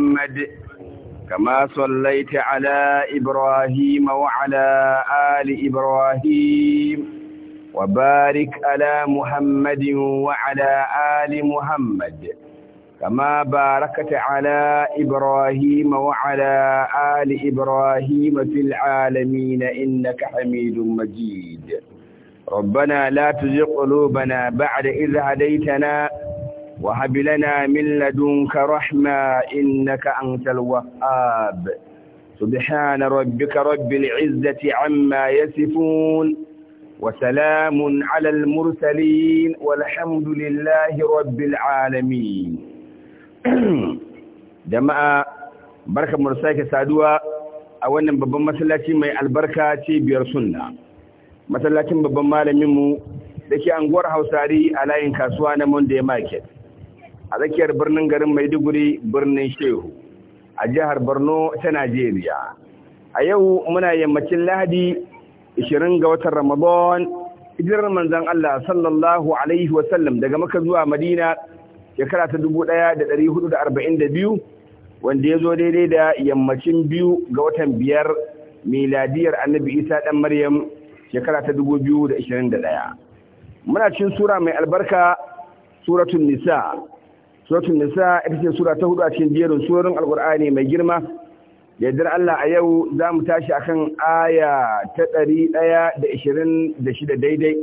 محمد كما صليت على إبراهيم وعلى آل إبراهيم وبارك على محمد وعلى آل محمد كما باركت على إبراهيم وعلى آل إبراهيم في العالمين إنك حميد مجيد ربنا لا تزغ قلوبنا بعد إذ هديتنا وهب لنا من لدنك رحمة إنك أنت الوهاب سبحان ربك رب العزة عما يصفون وسلام على المرسلين والحمد لله رب العالمين جماعة بركة مرساك سادوة أولا بابا مسلاتي مي البركة تيبير سنة مسلاتي بابا مالمي مو da ke anguwar hausari a layin kasuwa na Monday Market. a tsakiyar birnin garin Maiduguri birnin Shehu a jihar Borno ta Najeriya. A yau muna yammacin Lahadi 20 ga watan Ramadan hijirar manzon Allah sallallahu alaihi wasallam daga Makka zuwa Madina shekara ta 1442 wanda ya zo daidai da yammacin biyu ga watan biyar miladiyar annabi Isa dan Maryam shekara ta 2021. Muna cin sura mai albarka suratun nisa suratul nisa ita ce sura ta hudu a cikin jerin surorin alqur'ani mai girma yaddar Allah a yau za mu tashi akan aya ta ɗari ɗaya da ishirin da shida daidai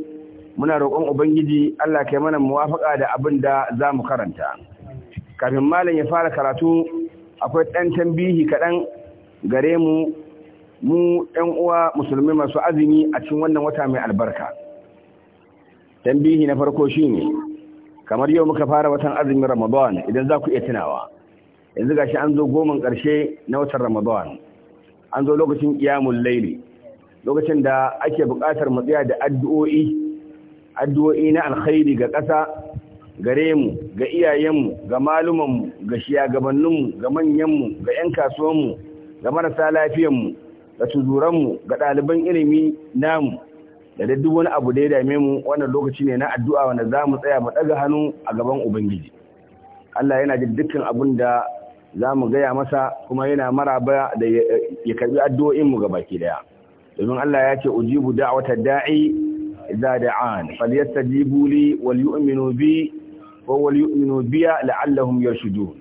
muna roƙon ubangiji Allah kai mana muwafaƙa da abin da za mu karanta kafin malam ya fara karatu akwai ɗan tambihi kaɗan gare mu mu ɗan uwa musulmi masu azumi a cikin wannan wata mai albarka tambihi na farko shi ne kamar yau muka fara watan azumin ramadan idan za ku iya tunawa yanzu gashi an zo goman ƙarshe na watan ramadan an zo lokacin ƙiyamun laili lokacin da ake buƙatar matsaya da addu'o'i addu'o'i na alkhairi ga ƙasa gare mu ga iyayenmu ga malumanmu ga shiyagabanninmu ga manyanmu ga 'yan kasuwanmu ga marasa lafiyanmu ga tuzuranmu ga ɗaliban ilimi namu da duk wani abu da ya dame mu wannan lokaci ne na addu'a wanda za mu tsaya mu ɗaga hannu a gaban Ubangiji. Allah yana jin dukkan abin da za mu gaya masa kuma yana maraba da ya karbi addu'o'in mu ga baki daya. Domin Allah ya ce ujibu da'wata da'i idza da'an falyastajibu li wal yu'minu bi wa wal yu'minu bi la'allahum yarshudun.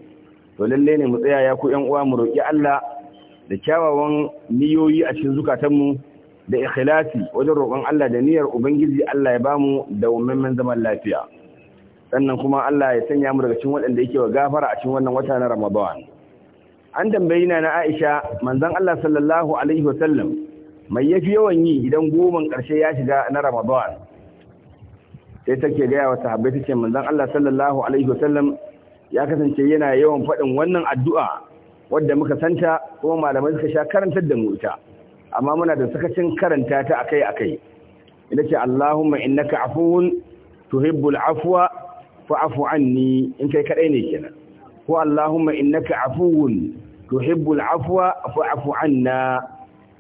To lalle ne mu tsaya ya ku ƴan uwa mu roki Allah da kyawawan niyoyi a cikin zukatanmu mu da ikhlasi wajen roƙon Allah da niyyar ubangiji Allah ya bamu da dawwammamen zaman lafiya sannan kuma Allah ya sanya mu daga cikin waɗanda yake wa gafara a cikin wannan wata na Ramadan an tambayi na na Aisha manzon Allah sallallahu alaihi wasallam mai yafi yawan yi idan goman ƙarshe ya shiga na Ramadan sai take ga wa sahabbai tace manzon Allah sallallahu alaihi wasallam ya kasance yana yawan faɗin wannan addu'a wadda muka santa kuma malamai suka sha karantar da mu ita amma muna da sakacin karanta ta akai akai ina ce Allahumma innaka afuwun tuhibbul afwa fa'fu anni in kai kadai ne kenan ko Allahumma innaka afuwun tuhibbul afwa fa'fu anna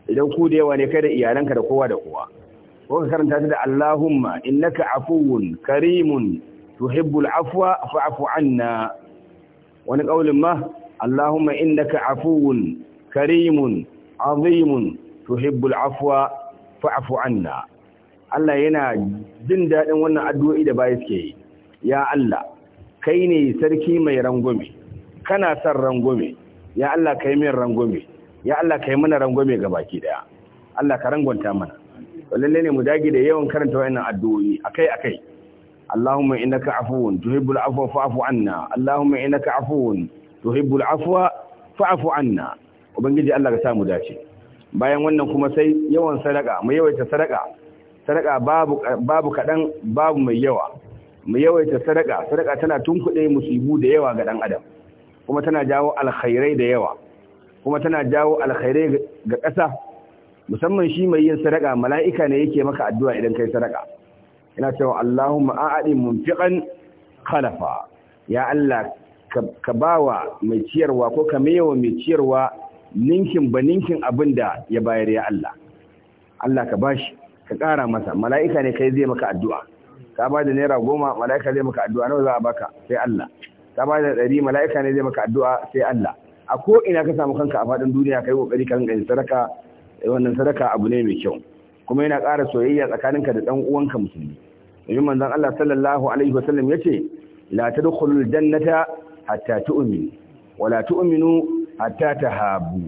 idan ku da yawa ne kai da iyalanka da kowa da kowa ko ka karanta ta da Allahumma innaka afuwun karimun tuhibbul afwa fa'fu anna wani kaulin ma Allahumma innaka afuwun karimun azimun tuhibbul afwa fa'fu anna Allah yana jin daɗin wannan addu'o'i da baya suke yi ya Allah kai ne sarki mai rangwame kana son rangwame ya Allah kai min rangwame ya Allah kai mana rangwame gabaki baki daya Allah ka rangwanta mana lalle ne mu dage da yawan karanta wannan addu'o'i akai akai Allahumma innaka afuwun tuhibbul afwa fa'fu anna Allahumma innaka afuwun tuhibbul afwa fa'fu anna ubangiji Allah ka samu dace bayan wannan kuma sai yawan sadaka mu yawaita sadaka sadaka babu babu kadan babu mai yawa mu yawaita sadaka sadaka tana tunkuɗe musibu da yawa ga dan adam kuma tana jawo alkhairai da yawa kuma tana jawo alkhairai ga ƙasa musamman shi mai yin sadaka mala'ika ne yake maka addu'a idan kai sadaka ina cewa Allahumma a'adi munfiqan khalafa ya Allah ka bawa mai ciyarwa ko ka yawa mai ciyarwa ninkin ba ninkin abin da ya bayar ya Allah Allah ka bashi ka ƙara masa mala'ika ne kai zai maka addu'a ka ba da naira goma mala'ika zai maka addu'a nawa za a baka sai Allah ka ba da ɗari mala'ika ne zai maka addu'a sai Allah a ko ina ka samu kanka a faɗin duniya kai kokari kan ganin sadaka eh, wannan sadaka abu ne mai kyau kuma yana ƙara soyayya tsakaninka da ɗan uwanka musulmi domin manzon Allah sallallahu alaihi wasallam yace la tadkhulul jannata hatta tu'minu la tu'minu hatta Habu.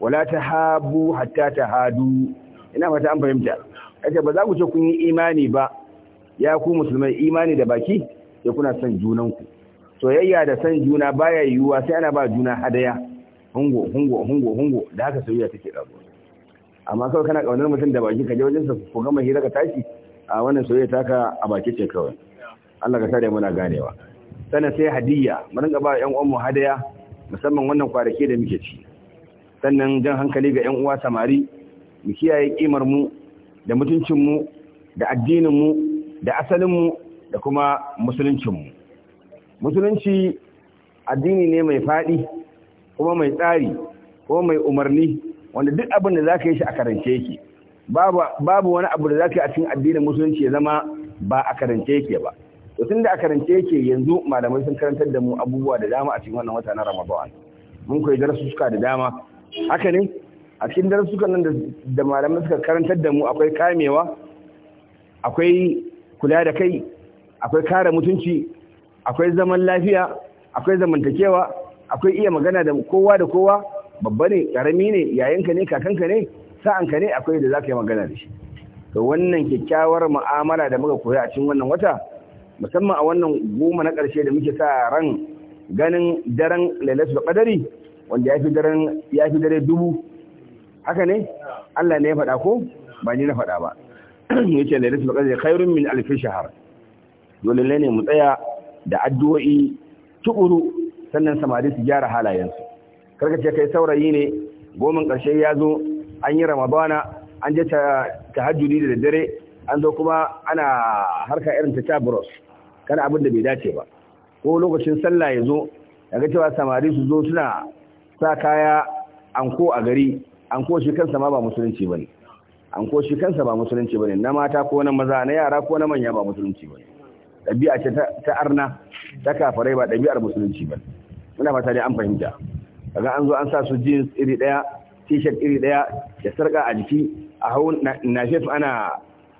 wala ta Habu, hatta hadu. ina fata an fahimta kace ba za ku ce kun yi imani ba ya ku musulmai imani da baki sai kuna son junan soyayya da son juna baya yiwuwa sai ana ba juna hadaya hungo hungo hungo hungo da haka soyayya take rago amma kawai kana kaunar mutum da baki ka je wajen sa ku gama hira ka tashi a wannan soyayya taka a baki ce kawai Allah ka sa muna ganewa sana sai hadiyya Mun ga ba ƴan uwan mu hadaya musamman wannan kwarake da muke ci sannan jan hankali ga 'yan uwa samari mu kiyaye kimar mu da mutuncin mu da addinin mu da asalin mu da kuma musuluncin mu musulunci addini ne mai faɗi kuma mai tsari kuma mai umarni wanda duk abin da zaka yi shi a karance yake babu wani abu da zaka yi a cikin addinin musulunci ya zama ba a karance yake ba to tunda a karance yake yanzu malamai sun karantar da mu abubuwa da dama a cikin wannan wata na Ramadan mun koyi darussuka da dama haka ne a cikin darussukan nan da malamai suka karantar da mu akwai kamewa akwai kula da kai akwai kare mutunci akwai zaman lafiya akwai zamantakewa akwai iya magana da kowa da kowa babba ne karami ne yayinka ne kakanka ne sa'anka ne akwai da zaka yi magana da shi to wannan kyakkyawar mu'amala da muka koya a cikin wannan wata musamman a wannan goma na ƙarshe da muke sa ran ganin daren lailatul qadari wanda ya fi daren ya fi dare dubu haka ne Allah ne ya faɗa ko ba ni na faɗa ba yace lailatul ƙadari khairun min alf shahr dole ne mu tsaya da addu'o'i tukuru sannan samari su gyara halayensu karka ce kai saurayi ne goman ƙarshe ya zo an yi ramadana an je ta tahajjudi da dare, an zo kuma ana harka irin ta tabros kada abin da bai dace ba ko lokacin sallah ya zo daga cewa samari su zo suna sa kaya anko a gari anko shi kansa ma ba musulunci bane anko shi kansa ba musulunci bane na mata ko na maza na yara ko na manya ba musulunci bane dabi'a ce ta arna ta kafirai ba dabi'ar musulunci bane muna fata dai an fahimta kaga an zo an sa su jeans iri daya t-shirt iri daya da sarka a jiki a hau na ana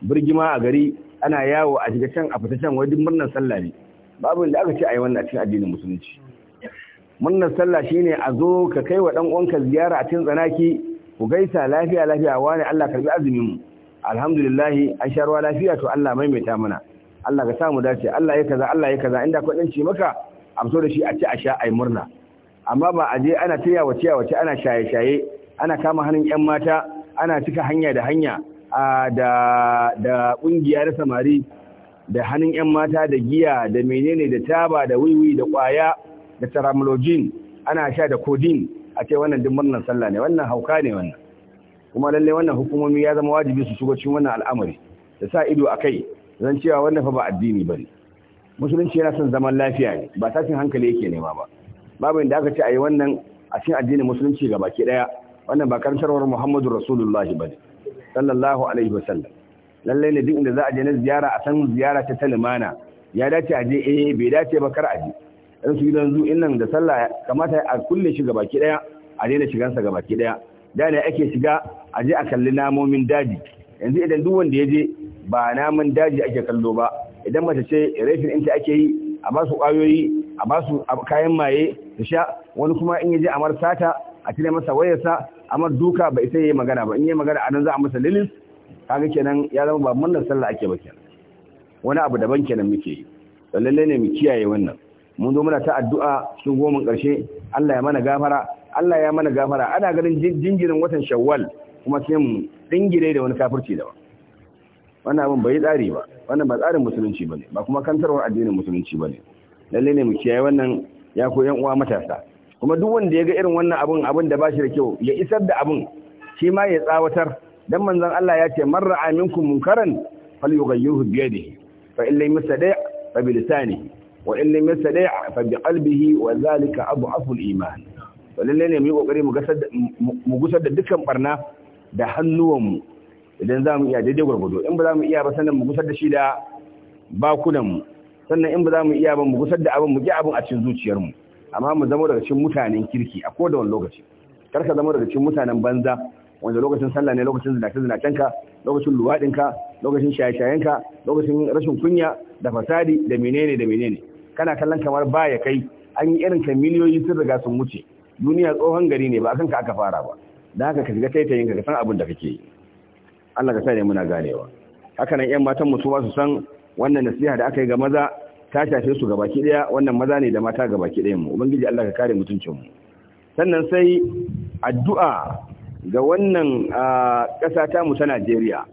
birgima a gari ana yawo a shiga can a fita can wai murnar sallah ne babu inda aka ce a yi wannan a cikin addinin musulunci murnar sallah shine a zo ka kai wa dan uwanka ziyara a cikin tsanaki ku gaisa lafiya lafiya wani Allah karbi azumin mu alhamdulillah an sha ruwa lafiya to Allah maimaita mana Allah ka samu dace Allah ya kaza Allah ya kaza inda ku dan ce maka amso da shi a ci a sha ai murna amma ba a je ana tiya wace wace ana shaye shaye ana kama hannun yan mata ana cika hanya da hanya da ƙungiya na samari da hannun 'yan mata da giya da menene da taba da wiwi da ƙwaya da taramologin ana sha da kodin a ce wannan duk murnar sallah ne wannan hauka ne wannan kuma lallai wannan hukumomi ya zama wajibi su shigo cikin wannan al'amari da sa ido a kai zan cewa wannan fa ba addini bane musulunci yana son zaman lafiya ne ba tashin hankali yake nema ba babu inda aka ce a yi wannan a cikin addinin musulunci gaba ke daya wannan ba karantarwar muhammadu rasulullahi bane sallallahu alaihi wasallam lallai ne duk inda za a je na ziyara a san ziyara ta talimana ya dace a je eh bai dace ba kar a je dan su gidan zu innan da sallah kamata a kulle shi baki daya a daina shigan sa gabaki daya da ne ake shiga a je a kalli namomin daji yanzu idan duk wanda ya je ba namun daji ake kallo ba idan mace ce rafin inta ake yi a ba su kwayoyi a ba su kayan maye su sha wani kuma in ya je a ta. a cire masa wayarsa a mar duka ba isa yayi magana ba in yayi magana anan za a masa lilis kaga kenan ya zama ba munnan sallah ake ba kenan wani abu daban kenan muke yi lalle ne mu kiyaye wannan mun zo muna ta addu'a cikin goma ƙarshe Allah ya mana gafara Allah ya mana gafara ana ganin jingirin watan Shawwal kuma sai mu dingire da wani kafirci da ba wannan abin bai tsari ba wannan ba tsarin musulunci bane ba kuma kantarwar addinin musulunci bane lalle ne mu kiyaye wannan ya ko yan uwa matasa kuma duk wanda ya ga irin wannan abun abun da bashi da kyau ya isar da abun shi ma ya tsawatar dan manzon Allah ya ce marra aminkum munkaran fal falyughayyirhu bi yadihi fa in lam fa bi lisanihi wa in lam fa bi qalbihi wa zalika adhafu iman to lalle ne mu yi kokari mu gusar da dukkan barna da hannuwanmu idan za mu iya daidai gwargwado in ba za mu iya ba sannan mu gusar da shi da bakunanmu sannan in ba za mu iya ba mu gusar da abin mu ji abin a cikin zuciyarmu amma mu zama daga cikin mutanen kirki a koda wani lokaci kar ka zama daga cikin mutanen banza wanda lokacin sallah ne lokacin zinace ka lokacin ka lokacin shaye ka lokacin rashin kunya da fasadi da menene da menene kana kallon kamar baya kai an yi irin ka miliyoyi sun riga sun wuce duniya tsohon gari ne ba akan ka aka fara ba da haka ka shiga taitayin ka san abin da kake yi Allah ka sa ne muna ganewa haka nan ƴan matan mu su san wannan nasiha da aka yi ga maza ta shafe su gabaki daya wannan maza ne da mata gabaki dayan mu ubangiji Allah ka kare mutuncin mu sannan sai addu'a ga wannan ƙasa ta mu ta Najeriya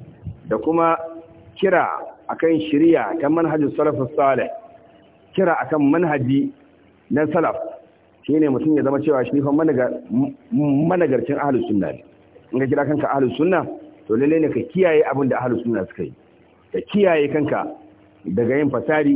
da kuma kira akan shiriya ta manhajin salaf salih kira akan manhaji na salaf shine mutum ya zama cewa shi fa managarcin ahlus sunna ne in ka kira kanka ahlus sunna to lalle ne ka kiyaye abin da ahlus sunna suka yi ka kiyaye kanka daga yin fasari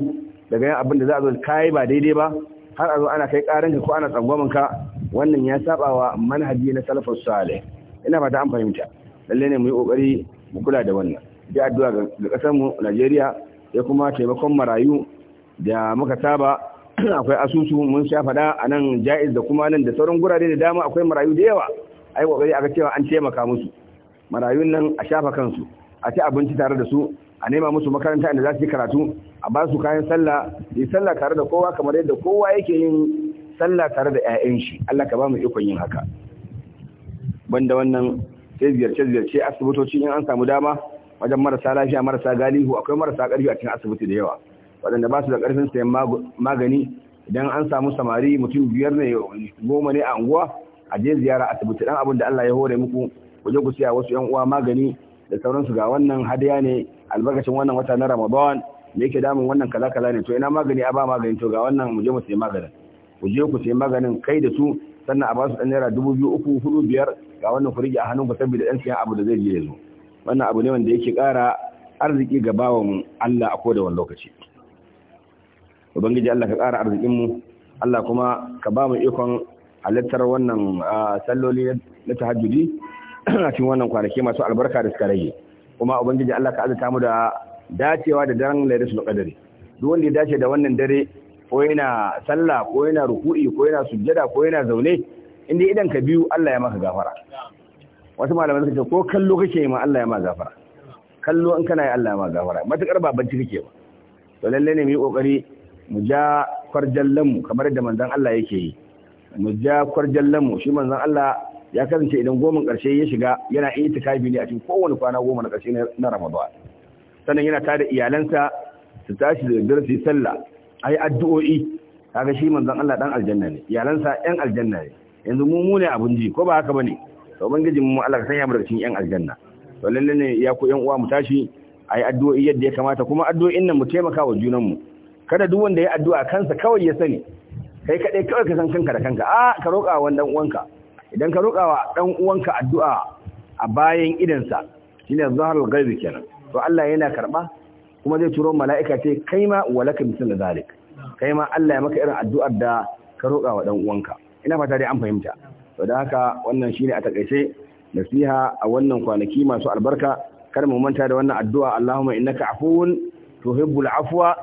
daga yin abin da za a zo kayi ba daidai ba har a zo ana kai karanka ko ana tsangwamin ka wannan ya saba wa manhaji na salafus salih ina fata an fahimta lalle ne mu yi kokari mu kula da wannan ya addu'a ga kasar mu Najeriya ya kuma taimakon marayu da muka saba akwai asusu mun sha fada a nan jaiz da kuma nan da sauran gurare da dama akwai marayu da yawa ai kokari aka cewa an taimaka musu marayun nan a shafa kansu a ci abinci tare da su a nema musu makaranta inda za su yi karatu a ba su kayan sallah yi sallah tare da kowa kamar yadda kowa yake yin sallah tare da 'ya'yan shi Allah ka ba mu ikon yin haka banda wannan sai ziyarce ziyarce asibitoci in an samu dama wajen marasa lafiya marasa galihu akwai marasa ƙarfi a cikin asibiti da yawa waɗanda ba su da ƙarfin sayan magani idan an samu samari mutum biyar ne goma ne a unguwa a je ziyara asibiti dan abin da Allah ya hore muku ku je ku siya wasu 'yan uwa magani da sauransu ga wannan hadiya ne albarkacin wannan wata na Ramadan me yake damun wannan kaza kaza ne to ina magani a ba magani to ga wannan mu je mu sayi maganin ku je ku sayi maganin kai da su sannan a ba su dan naira dubu biyu uku hudu biyar ga wannan ku a hannun ku saboda dan siyan abu da zai je ya zo wannan abu ne wanda yake kara arziki ga bawan Allah a koda wani lokaci ubangiji Allah ka kara arzikin mu Allah kuma ka ba mu ikon halittar wannan ah, salloli na tahajjudi a cikin wannan kwanaki masu albarka da suka rage kuma ubangiji Allah ka azurta mu da dacewa da daren su qadri duk wanda ya dace da wannan dare ko yana sallah ko yana ruku'i ko yana sujjada ko yana zaune inda idan ka biyu Allah ya maka gafara wasu malamai suka ce ko kallo kake ma Allah ya ma gafara kallo in kana yi Allah ya ma gafara matukar babanci kake ba to lalle ne mu yi kokari mu ja kwarjallan mu kamar da manzon Allah yake yi mu ja kwarjallan mu shi manzon Allah ya kasance idan goman ƙarshe ya shiga yana itikafi ne a cikin kowane kwana goma na ƙarshe na Ramadan sannan yana tada iyalansa su tashi da dare su sallah ai addu'o'i kaga shi manzon Allah dan aljanna ne iyalansa ɗan aljanna ne yanzu mu mu ne abun ji ko ba haka bane to ubangijin mu Allah ka sanya mu daga ɗan aljanna to lalle ne ya ku ƴan uwa mu tashi ai addu'o'i yadda ya kamata kuma addu'o'in nan mu taimaka wa junan mu kada duk wanda ya addu'a kansa kawai ya sani kai kadai kawai ka san kanka da kanka a ka roƙa wa dan uwanka idan ka roƙa wa ɗan uwanka addu'a a bayan idansa shine zaharul galibi kenan to Allah yana karɓa kuma zai turo mala'ika ce kai ma walaka misal da zalik kai ma Allah ya maka irin addu'ar da ka roƙa wa ɗan uwanka ina fata dai an fahimta to da haka wannan shine a takaice nasiha a wannan kwanaki masu albarka kar mu manta da wannan addu'a Allahumma innaka afuwun tuhibbul afwa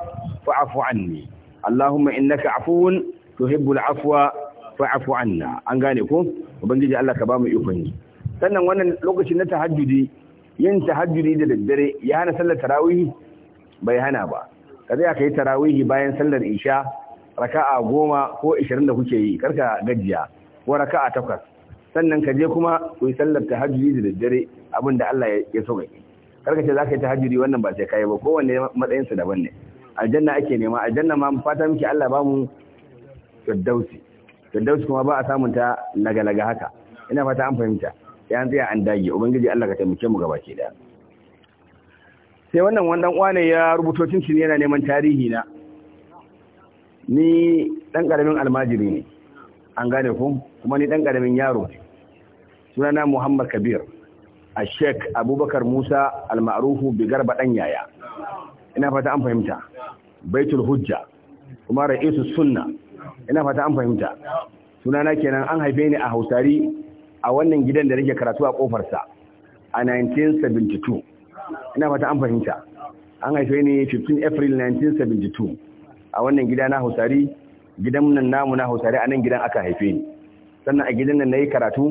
fa'fu anni Allahumma innaka afuwun tuhibbul afwa fa'afu anna an gane ko ubangiji Allah ka bamu mu ikon yi sannan wannan lokacin na tahajjudi yin tahajjudi da daddare ya hana sallar tarawihi bai hana ba ka zai kai yi tarawihi bayan sallar isha raka'a goma ko ishirin da kuke yi karka gajiya ko raka'a takwas sannan ka je kuma ku yi sallar tahajjudi da daddare abin da Allah ya so gaki karka ce za ka yi tahajjudi wannan ba sai kai ba kowanne matsayinsa daban ne aljanna ake nema aljanna ma fata miki Allah ba mu daddausi firdaus kuma ba a samun ta laga-laga haka ina fata an fahimta ya tsaya an dage ubangiji Allah ka taimake mu gaba ke da sai wannan wannan uwane ya rubuto cincin yana neman tarihi na ni dan karamin almajiri ne an gane ku kuma ni dan karamin yaro ne sunana Muhammad Kabir a Sheikh Abubakar Musa al-Ma'rufu bi garba dan yaya ina fata an fahimta baitul hujja kuma ra'isus sunna ina fata an fahimta sunana kenan an haife ni a hausari a wannan gidan da nake karatu a kofarsa a 1972 ina fata an fahimta an haife ni 15 april 1972 a wannan gida na hausari gidan nan namu na hausari a nan gidan aka haife ni sannan a gidan nan na yi karatu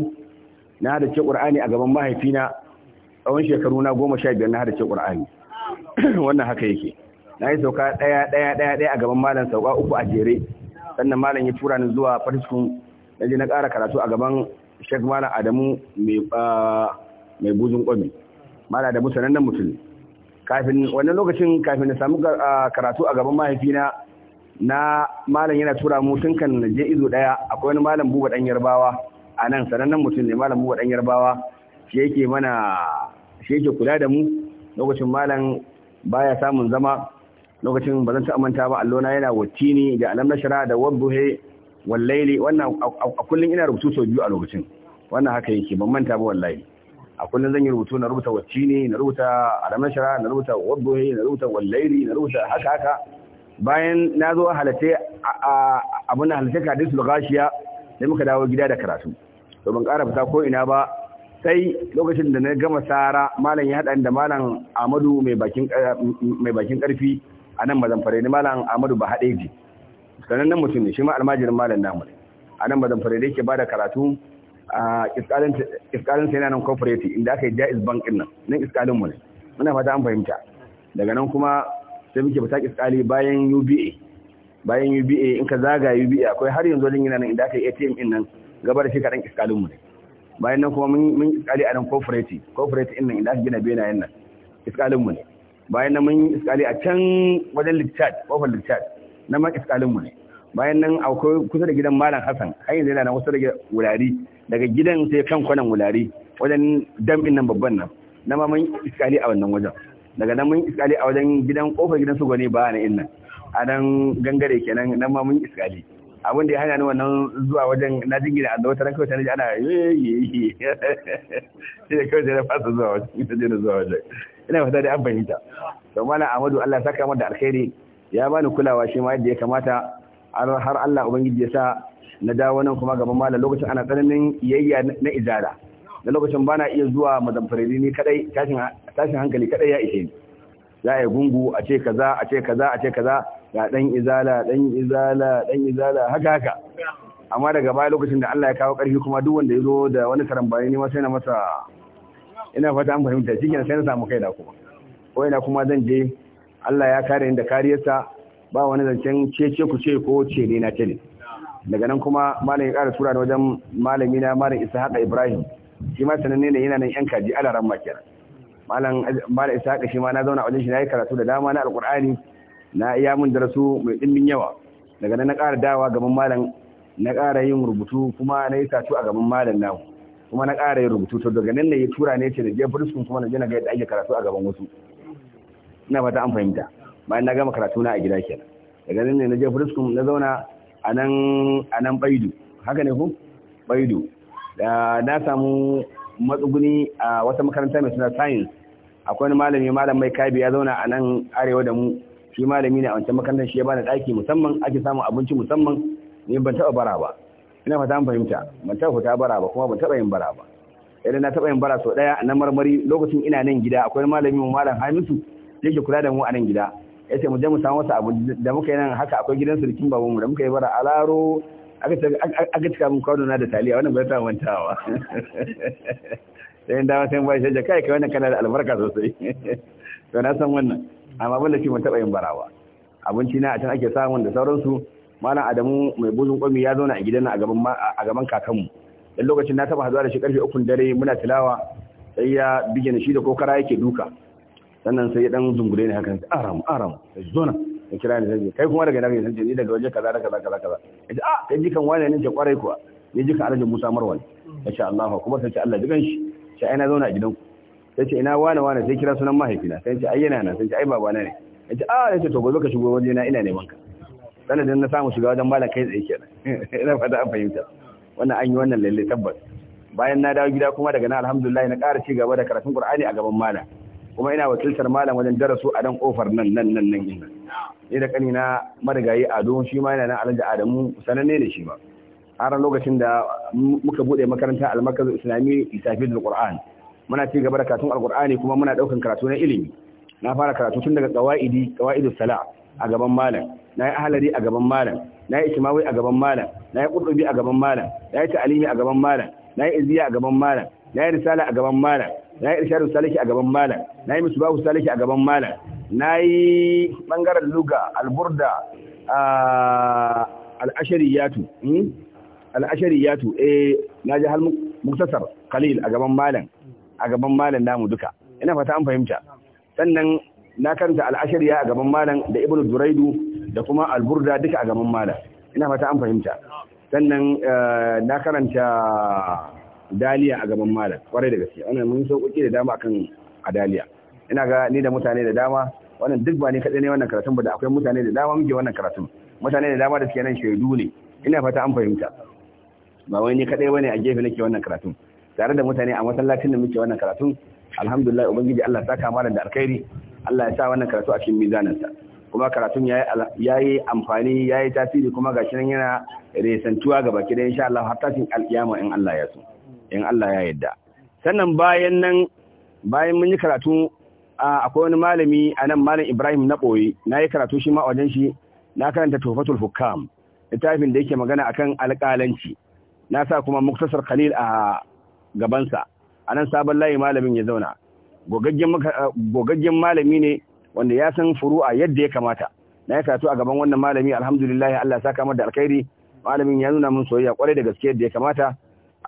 na hada ce ƙur'ani a gaban mahaifina tsawon shekaru na goma sha biyar na hada ce ƙur'ani wannan haka yake na yi sauka ɗaya ɗaya ɗaya ɗaya a gaban malam sauka uku a jere sannan malam ya tura ni zuwa Fatiskun na je na ƙara karatu a gaban Sheikh Malam Adamu ah, mai buzun ƙwami. Malam Adamu sanannen mutum. Kafin wannan lokacin kafin na samu ah, karatu a gaban mahaifina na malam yana tura mu tun kan je izo ɗaya akwai wani malam buba ɗan yarbawa a nan sanannen mutum ne malam buba ɗan yarbawa shi yake mana shi yake kula da mu lokacin malam baya samun zama lokacin ba zan taɓa manta ba allona yana ne da alam nashara da wadduhe wallaili wannan a kullum ina rubutu sau biyu a lokacin wannan haka yake ban manta ba wallahi a kullum zan yi rubutu na rubuta ne na rubuta alam nashara na rubuta wadduhe na rubuta wallaili na rubuta haka haka bayan na zo a abin halatte kadis lugashiya sai muka dawo gida da karatu to ban ƙara fita ko ina ba sai lokacin da na gama sara malam ya haɗa da malam Amadu eh, mai bakin ƙarfi a nan mazamfare ne malam Ahmadu Bahadeji nan mutum ne shi ma almajirin malam namu ne a nan ne ke ba da karatu a iskalin sai nan cooperative inda aka yi Jaiz bankin nan nan iskalin mu ne muna fata an fahimta daga nan kuma sai muke fita iskali bayan UBA bayan UBA in ka zaga UBA akwai har yanzu wajen yana nan inda aka yi ATM din nan gaba da shi kaɗan iskalin mu ne bayan nan kuma mun iskali a nan cooperative cooperative din nan inda aka gina benayen nan iskalin mu ne bayan nan mun iskali a can wajen littat kofar littat na man iskalin mu ne bayan nan akwai kusa da gidan malam hassan har yanzu yana wasu da wulari daga gidan sai kan kwanan wulari wajen dambin nan babban nan na ma mun iskali a wannan wajen daga nan mun iskali a wajen gidan kofar gidan su gwani ba na innan a nan gangare kenan nan ma mun iskali abin da ya hana ni wannan zuwa wajen na jingina da wata ran kawai sai ana yi shi da kawai sai na fasa zuwa wajen ita je zuwa wajen ina fata da an fahimta to mana Amadu Allah saka mata alkhairi ya bani kulawa shi ma yadda ya kamata har Allah ubangiji ya sa na dawo nan kuma gaban malam lokacin ana tsananin iyayya na ijara na lokacin bana iya zuwa madamfarari ni kadai tashin hankali kadai ya ishe ni za a yi gungu a ce kaza a ce kaza a ce kaza ga ɗan izala ɗan izala ɗan izala haka haka amma daga baya lokacin da Allah ya kawo ƙarfi kuma duk wanda ya zo da wani karambani ne ma sai na masa ina fata an fahimta shi kenan sai na samu kai da kuma ko ina kuma zan je Allah ya kare ni da kariyarsa ba wani zancen cece ku ce ko ce ne na kene daga nan kuma malam ya ƙara tura da wajen malami na malam Ishaqa Ibrahim shi ma sananne ne yana nan yan kaji alaran ma kenan malam malam Ishaqa shi ma na zauna a wajen shi na yi karatu da dama na alƙur'ani na iya mun darasu mai ɗimbin yawa daga nan na ƙara dawa gaban malam na ƙara yin rubutu kuma na yi tatu a gaban malam na kuma na ƙara yin rubutu to daga nan ne ya tura ne ce da je burskun kuma na je na ga yadda ake karatu a gaban wasu ina fata an fahimta bayan na gama karatu na a gida kenan daga nan ne na je burskun na zauna a nan a nan baidu haka ne ku baidu na samu matsuguni a wata makaranta mai suna science akwai wani malami malam mai kabi ya zauna a nan arewa da mu shi malami ne a wancan makarantar shi ya bani daki musamman ake samun abinci musamman ne ban taɓa bara ba ina fata an fahimta ban taɓa fita bara ba kuma ban taɓa yin bara ba idan na taɓa yin bara so ɗaya na marmari lokacin ina nan gida akwai malami mu malam Hamisu yake kula da mu a nan gida ya ce mu je mu samu wasu abu da muka yi nan haka akwai gidan surukin babanmu da muka yi bara alaro aka cika min kwano na da taliya wannan bai ta mantawa sai dawa sai ba shi kai kai wannan kana da albarka sosai to na san wannan amma ban da shi ban taɓa yin barawa. abinci na a can ake samun da sauransu malam adamu mai buzun kwami ya zauna a gidan a gaban a gaban kakanmu dan lokacin na taɓa hazuwa da shi karfe ukun dare muna tilawa sai ya bige ni shi da kokara yake duka sannan sai ya dan zungure ni hakan aram ah, aram ah, sai zo na ya kira ni sai kai kuma daga nan sai ni daga waje kaza da kaza kaza kaza yace ah kai jikan wani ne ke kwarai kuwa ni jikan Alhaji Musa Marwan insha Allah kuma sai Allah jigan shi sai ai na zauna a gidanku sai ce ina wane wane sai kira sunan mahaifina sai ce ai yana nan sai ce ai babana ne sai ce ah sai ce to gobe ka shigo waje na ina neman ka sanadin na samu shiga wajen malam kai tsaye kenan ina fata an fahimta wannan an yi wannan lalle tabbas bayan na dawo gida kuma daga nan alhamdulillah na ƙara ci gaba da karatun Qur'ani a gaban malam kuma ina wakiltar malam wajen darasu a dan kofar nan nan nan nan Ina ni da kani na marigayi Ado shi ma yana nan Alhaji Adamu sananne ne shi ma har lokacin da muka bude makaranta Al-Markaz Islami Isafidul Qur'an muna ci gaba da karatun alkur'ani kuma muna daukan karatu na ilimi na fara karatu tun daga qawaidi qawaidus sala a gaban malam na yi ahalari a gaban malam na yi ikimawi a gaban malam na yi qurtubi a gaban malam na yi ta'alimi a gaban malam na yi iziya a gaban malam na yi risala a gaban malam na yi irshadu saliki a gaban malam na yi misbahu saliki a gaban malam na yi bangaren luga alburda al'ashariyatu al'ashariyatu eh na ji hal muktasar qalil a gaban malam a gaban malam namu duka ina fata an fahimta sannan na karanta al'ashariya a gaban malam da ibnu duraidu da kuma alburda duka a gaban malam ina fata an fahimta sannan eh, na karanta daliya a gaban malam kwarai da gaske wannan mun sauƙoƙi da dama akan a daliya ina ga ni da mutane da dama wannan duk ba ni kaɗai ne wannan karatun ba da akwai mutane da dama muke wannan karatun mutane da dama da suke nan shaidu ne ina fata an fahimta ba wai ni kaɗai bane a gefe nake wannan karatun tare da mutane a masallacin da muke wannan karatun alhamdulillah ubangiji Allah saka mana da alkhairi Allah ya sa wannan karatu a cikin mizaninsa kuma karatun ya yi amfani ya yi tasiri kuma gashi nan yana resantuwa ga baki da insha Allah har tashin alkiyama in Allah ya so in Allah ya yarda sannan bayan nan bayan mun yi karatu akwai wani malami a nan malam Ibrahim na boye na yi karatu shi ma wajen shi na karanta Tuhfatul Hukam littafin da yake magana akan alƙalanci na sa kuma Muktasar Khalil a gabansa a nan sabon layi malamin ya zauna gogaggen malami ne wanda ya san furu'a yadda ya kamata na ya karatu a gaban wannan malami alhamdulillah Allah saka mar da alkhairi malamin ya nuna mun soyayya kwarai da gaske yadda ya kamata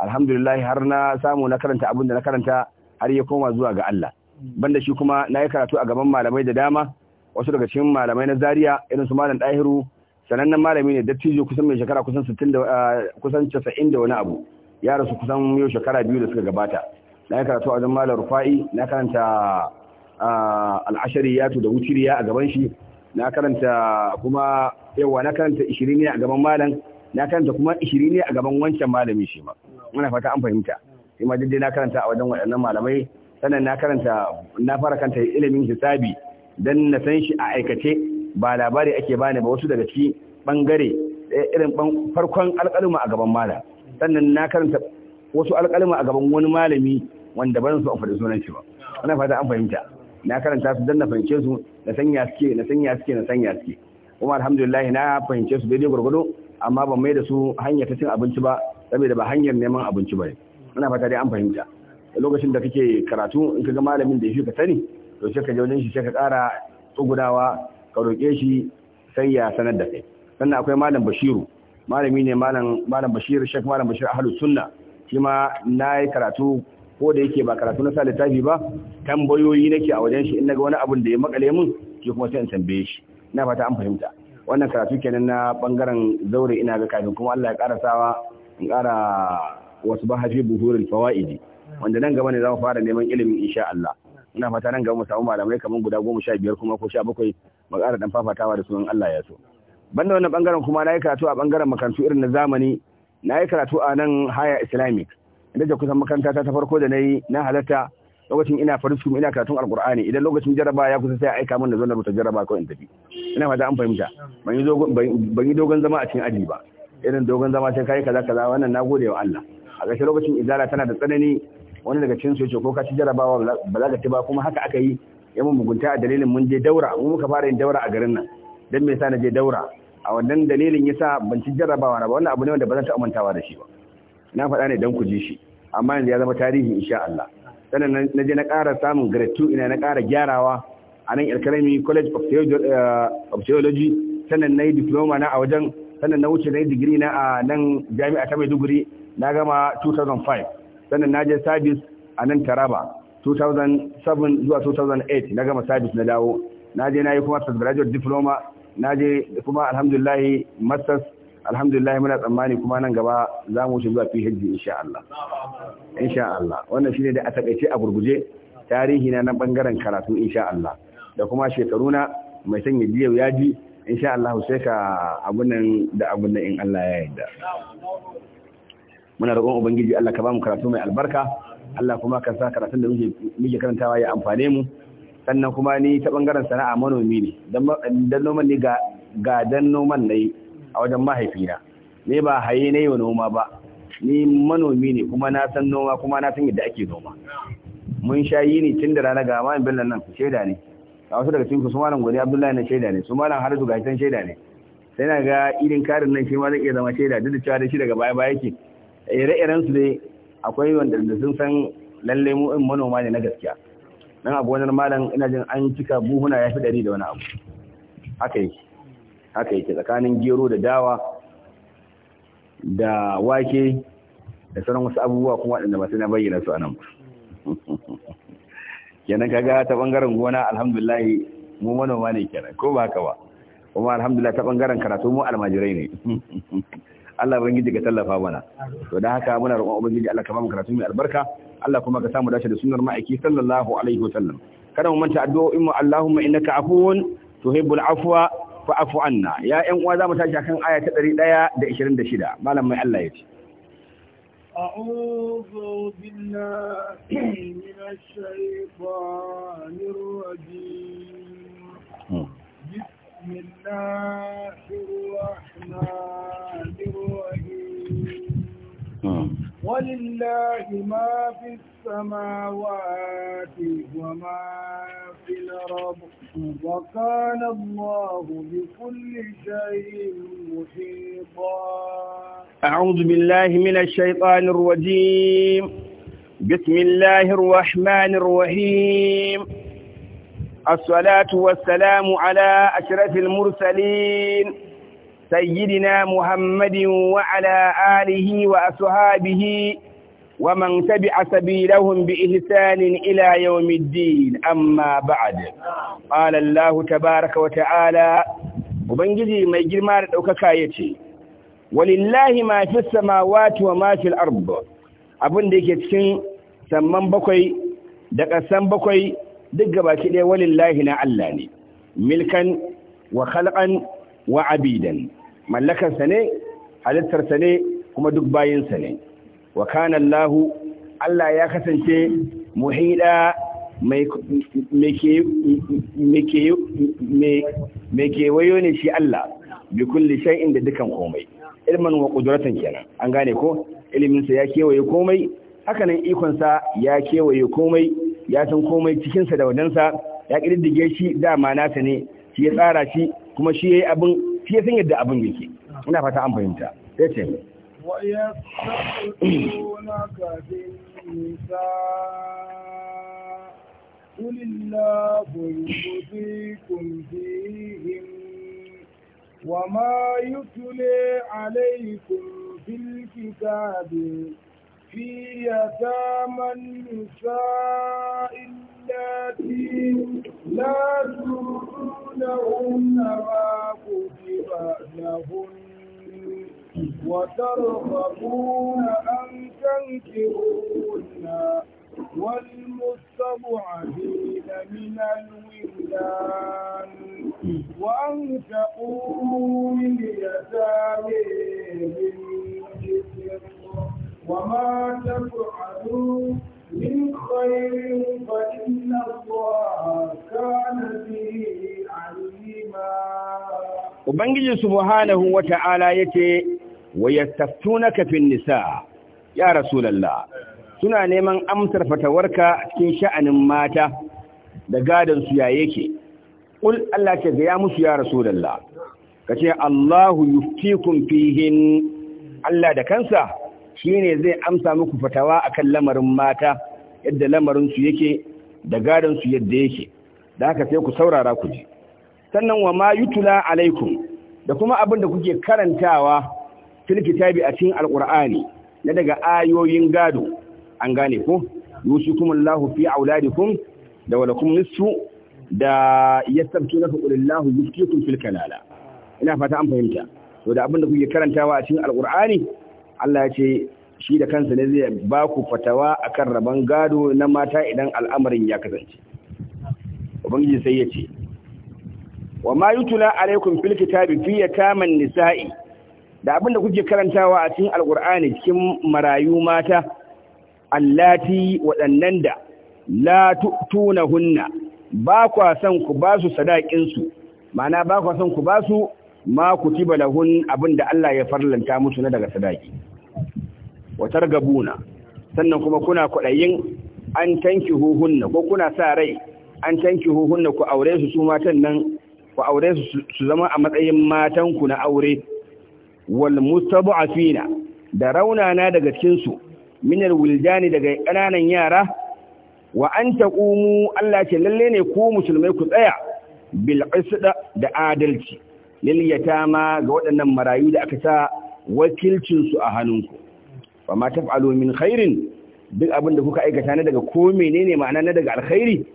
alhamdulillah har na samu na karanta abin da na karanta har ya koma zuwa ga Allah banda shi kuma na yi karatu a gaban malamai da dama wasu daga cikin malamai na Zaria irin su malam Dahiru sanannen malami ne dattijo kusan mai shekara kusan 60 ah, kusan 90 da wani abu ya rasu kusan yau shekara biyu da suka gabata na yi karatu a wajen malar rufa'i na karanta al'ashari al'ashariyatu da wuciriya a gaban shi na karanta kuma yawa na karanta ishirini a gaban malam na karanta kuma ishirini a gaban wancan malami shi ma muna fata an fahimta shi ma daidai na karanta a wajen waɗannan malamai sannan na karanta na fara karanta ilimin hisabi dan na san shi a aikace ba labari ake bani ba wasu daga ciki bangare eh, irin farkon alƙaluma a gaban malam sannan na karanta wasu alƙalma a gaban wani malami wanda ban su a faɗi sunan shi ba ana fata an fahimta na karanta su dan na fahimce su na sanya suke na sanya suke na sanya suke kuma alhamdulillah na fahimce su daidai gwargwado amma ban mai da su hanyar ta cin abinci ba saboda ba hanyar neman abinci ba ana fata dai an fahimta lokacin da kake karatu in ka ga malamin da shi ka sani to sai ka je wajen shi sai ka kara tsugunawa ka roƙe shi sai ya sanar da kai sannan akwai malam bashiru malami ne malam malam Bashir shek malam Bashir Ahlus Sunna shi ma nayi karatu ko da yake ba karatu na sa littafi ba tambayoyi nake a wajen shi in naga wani abun da ya makale mun ke kuma sai in tambaye shi na fata an fahimta wannan karatu kenan na bangaren zaure ina ga kafin kuma Allah ya ƙara sawa in ƙara wasu bahafi buhurul fawaidi wanda nan gaba ne za mu fara neman ilimin insha Allah ina fata nan gaba mu samu malamai kamar guda goma sha biyar kuma ko sha bakwai mu ƙara dan fafatawa da sunan Allah ya so banda wannan bangaren kuma na yi karatu a bangaren makarantu irin na zamani na yi karatu a nan haya islamic inda da kusan makaranta ta farko da na yi na halatta lokacin ina farisku ina karatun alkur'ani idan lokacin jaraba ya kusa sai a aika min da zo na rubuta jaraba ko in tafi ina fata an fahimta ban yi dogon zama a cikin aji ba irin dogon zama sai kai kaza kaza wannan na gode wa Allah a ƙarshe lokacin izala tana da tsanani wani daga cikin su yace ko ka ci jarabawa ba za ka ci ba kuma haka aka yi ya mugunta a dalilin mun je daura mun muka fara yin daura a garin nan dan me yasa na je daura a wannan dalilin yasa ban ci jarrabawa na ba wannan abu ne wanda ba zan ta amintawa da shi ba na faɗa ne dan ku ji shi amma yanzu ya zama tarihi insha Allah sannan na je na ƙara samun grade 2 ina na ƙara gyarawa a nan Elkarami College eh, of Theology sannan na yi diploma na a wajen sannan na wuce na yi digiri na a nan jami'a ta Maiduguri na gama 2005 sannan na je service a nan Taraba 2007 zuwa 2008 na gama service na dawo na je na yi kuma postgraduate diploma naje kuma alhamdulillah masters alhamdulillah muna tsammani kuma nan gaba za mu shiga PhD insha Allah insha Allah wannan shine da a takaice a gurguje tarihi na nan bangaren karatu insha Allah da kuma shekaru na mai sanya ya yaji insha Allah sai ka abunan da abunan in Allah ya yarda muna roƙon ubangiji Allah ka ba mu karatu mai albarka Allah kuma ka sa karatun da muke karantawa ya amfane mu sannan kuma ni ta bangaren sana'a manomi ne dan noman ne ga dan noman nayi a wajen mahaifina ne ba haye ne wa noma ba ni manomi ne kuma na san noma kuma na san yadda ake noma mun sha yi ne tun da rana ga mamin bin nan shaida ne a wasu daga cikin su malam gori abdullahi na shaida ne su malam harisu ga can shaida ne sai na ga irin karin nan shi ma zai iya zama shaida duk da cewa da shi daga baya baya yake ire-iren su ne akwai wanda sun san lallai mu in manoma ne na gaskiya nan abu wani malam ina jin an cika buhuna ya fi ɗari da wani abu haka yake haka yake tsakanin gero da dawa da wake da sauran wasu abubuwa kuma waɗanda ba sai na bayyana su a nan ba kenan kaga ta bangaren gona alhamdulillah mu manoma ne kenan ko ba haka ba kuma alhamdulillah ta bangaren karatu mu almajirai ne Allah ubangiji ka tallafa mana to da haka muna roƙon ubangiji Allah ka ba mu karatu mai albarka Allah kuma ka samu dace da sunnar ma'aiki sallallahu alaihi wasallam kada mu manta addu'o'in mu Allahumma innaka afuwun tuhibbul afwa fa'fu anna ya ƴan uwa zamu tashi akan aya ta 126 malam mai Allah ya ce أعوذ بالله من الشيطان الرجيم بسم الله الرحمن الرحيم آه. ولله ما في السماوات وما في الأرض وكان الله بكل شيء محيطا أعوذ بالله من الشيطان الرجيم بسم الله الرحمن الرحيم الصلاة والسلام على أشرف المرسلين سيدنا محمد وعلى آله وأصحابه ومن تبع سبيلهم بإحسان إلى يوم الدين أما بعد قال الله تبارك وتعالى وبنجزي ما يجمع وككايتي ولله ما في السماوات وما في الأرض abin da سمم بكوي samman سمم بكوي duk gabaki ɗaya walillahi na Allah ne milkan wa khalqan wa abidan mallakansa ne halittarsa ne kuma duk bayinsa ne wa kana Allah Allah ya kasance muhida mai kewayo ne shi Allah bi kulli shay'in da dukan komai ilman wa qudratan kenan an gane ko Iliminsa ya kewaye komai hakanan ikon sa ya kewaye komai ya san komai cikinsa da wadansa ya ƙididdige shi dama nasa ne shi ya tsara shi kuma shi ya yi abin shi ya san yadda abin yake ina fata an fahimta sai ce وما يتلي عليكم في الكتاب في يتامى النساء التي لا تؤتونهن ما كتب لهن وترغبون أن تنكرهن والمستضعفين من الولدان وأن تقوموا من يتامهم وما تفعلوا من خير فإن الله كان به عليما Ubangiji subhanahu wa ta'ala ya ce, wa fin nisa, ya Rasulallah, suna neman amsar fatawarka cikin sha'anin mata da gadonsu ya yake. Ƙul Allah ce ga ya musu ya Rasulallah, ka ce, Allahu yuftikun fihin Allah da kansa Shi ne zai amsa muku fatawa akan lamarin mata yadda lamarinsu yake da gadonsu yadda yake da haka sai ku saurara ku ji sannan wa ma yutula alaikum da kuma abin da kuke karantawa filkitabi bi a cikin Alkur'ani na daga ayoyin gado an gane ko yusikumullahu fi auladikum da walakum nisfu da yastabtuna qulillahu yuftikum fil kalala ina fata an fahimta to da abin da kuke karantawa a cikin Alkur'ani. Allah ce shi da kansa ne zai ba ku fatawa akan rabon gado na mata idan al'amarin ya kasance ubangiji sai ya ce wa ma yutula alaikum filkita kitabi ya kaman nisa'i da abin da kuke karantawa a cikin al’ur'ani cikin marayu mata allati waɗannan da la hunna ba kwa son ku ba su sadaƙinsu, mana ba kwa son ku ba su ma kutiba balahun abin da Allah ya farlanta musu na daga sadaki wa targabuna sannan kuma kuna kwaɗayin an tanki huhunna ko kuna sa rai an tanki huhunna ku aure su su matan nan ku aure su su zama a matsayin matan ku na aure wal mustaba'afina da raunana daga cikin su minal wildani daga ƙananan yara wa an taqumu Allah ce lalle ne ku musulmai ku tsaya bil da adalci lil yatama ga waɗannan marayu da aka sa wakilcin su a hannunku wa ma taf'alu min khairin duk abin da kuka aikata na daga ko menene ma'ana na daga alkhairi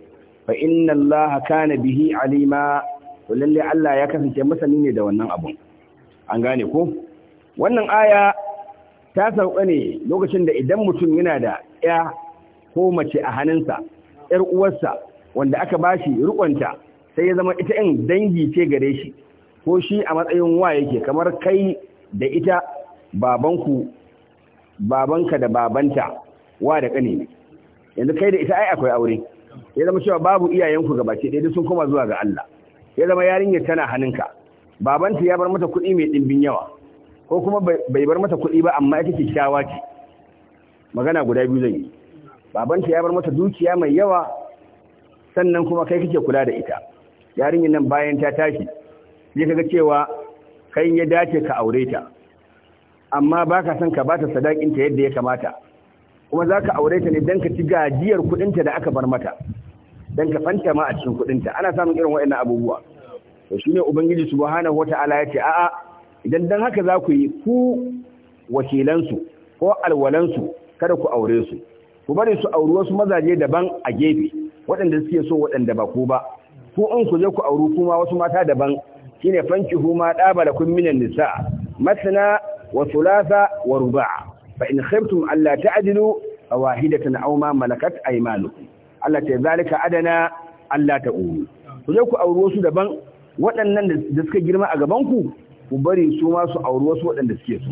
fa inna allaha kana bihi alima to lalle Allah ya kasance masani ne da wannan abun an gane ko wannan aya ta sauka ne lokacin da idan mutum yana da ya ko mace a hannunsa yar uwarsa wanda aka bashi rukunta sai ya zama ita in dangi ce gare shi ko shi a matsayin wa yake kamar kai da ita babanku babanka da babanta wa da kane ne yanzu kai da ita ai akwai aure ya zama cewa babu iyayenku gabace ɗaya sun koma zuwa ga Allah ya zama yarinyar tana hannunka babanta ya bar mata kuɗi mai ɗimbin yawa ko kuma bai bar mata kuɗi ba amma ita kyakkyawa ce magana guda biyu zan yi babanta ya bar mata dukiya mai yawa sannan kuma kai kake kula da ita yarinyar nan bayan ta tashi sai kaga cewa kai ya dace ka aure ta amma ba ka son ka ba bata sadakinta yadda ya kamata kuma za ka aure ta ne don ka ci gajiyar kuɗinta da aka bar mata don ka fanta ma a cikin kuɗinta ana samun irin waɗannan abubuwa to shine ubangiji subhanahu wata'ala ya ce a'a idan dan haka za ku yi ku wakilansu ko alwalansu kada ku aure su ku bari su auri wasu mazaje daban a gefe waɗanda suke so waɗanda ba ku ba ku in ku je ku auri kuma wasu mata daban shine fankihu ma dabala kun minan nisa masana وثلاثة ورباع فإن خبتم ألا تعدلوا فواحدة أو ما ملكت أيمانكم Allah ce zalika adana Allah ta uru ku je ku auri wasu daban waɗannan da suka girma a gaban ku ku bari su ma su auri wasu waɗanda suke so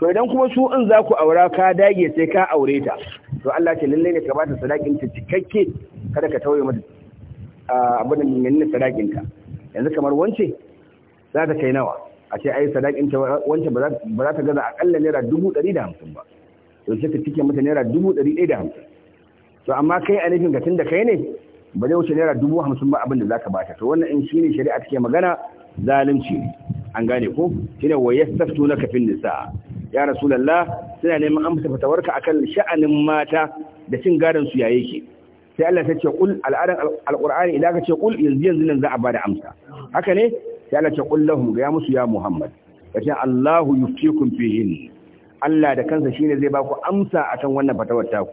to idan kuma su in za ku aura ka dage sai ka aure ta to Allah ce lallai ne ka bata sadakin ta cikakke kada ka tauye mata abin da sadakin yanzu kamar wance za ta kai nawa a ce ai sadakin ta wancan ba za ta gaza akalla naira dubu ɗari da hamsin ba to sai ka cike mata naira dubu ɗari ɗaya da hamsin to amma kai a nufin ka tunda kai ne ba zai wuce naira dubu hamsin ba abin da za ka bata to wannan in shine shari'a take magana zalunci an gane ko shine wa yastaftu laka fil nisa ya rasulullah suna neman amsa fatawarka akan sha'anin mata da cin gadon su yayi ke sai Allah ta ce kul al'adan alqur'ani idan ka ce kul yanzu yanzu nan za a bada amsa haka ne sai Allah ta kullahu ga ya musu ya Muhammad kace Allahu yuftikum fihin Allah da kansa shine zai baku amsa a kan wannan fatawar taku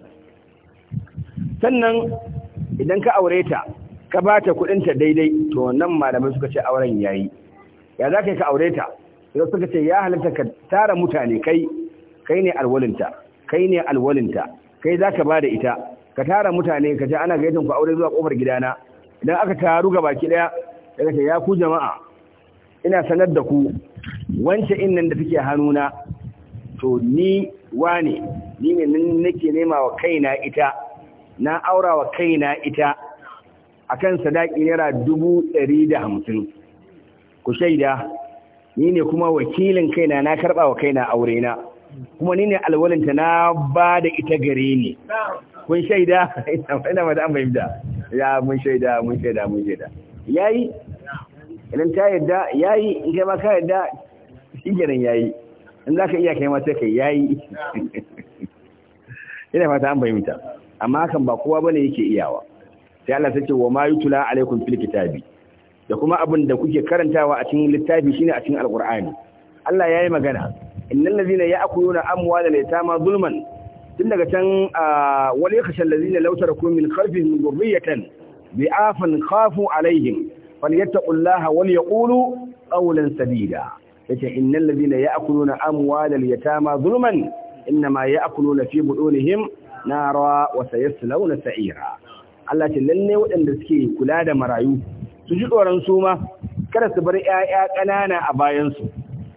sannan idan ka aure ta ka ba ta kudin ta daidai to nan malamai suka ce auren yayi ya zakai ka aure ta sai suka ce ya halatta ka tara mutane kai kai ne alwalinta kai ne alwalinta kai zaka ba da ita ka tara mutane ka ce ana gaitan ku aure zuwa kofar gidana idan aka taru ga baki daya ka ce ya ku jama'a ina sanar da ku wance innan da take hannuna to ni wane ni ne nake nema wa kaina ita na aura wa kaina ita akan sadaki naira dubu ɗari da hamsin ku shaida ni ne kuma wakilin kaina na karɓa wa kaina aure na kuma ni ne alwalinta na ba da ita gare ni kun shaida ina ma da an bayyana ya mun shaida mun shaida mun shaida yayi idan ta yadda yi, in kai ma ka yadda shi ya yayi in za ka iya kai ma sai kai yi. ina fata an fahimta amma hakan ba kowa bane yake iyawa sai Allah sace wa ma yutula alaikum fil kitabi da kuma abin da kuke karantawa a cikin littafi shine a cikin alqur'ani Allah yayi magana innal ladhina ya'kuluna da yatama zulman tun daga can wal yakhshal ladhina law tarakum min khalfihim dhurriyatan bi'afan khafu alaihim falyattaqullaha wal yaqulu qawlan sadida yace innal ladina ya'kuluna amwalal yatama zulman inma ya'kuluna fi budunihim nara wa sayaslawna sa'ira Allah ce lalle waɗanda suke kula da marayu su ji tsoron su ma kada su bar ƴaƴa ƙanana a bayan su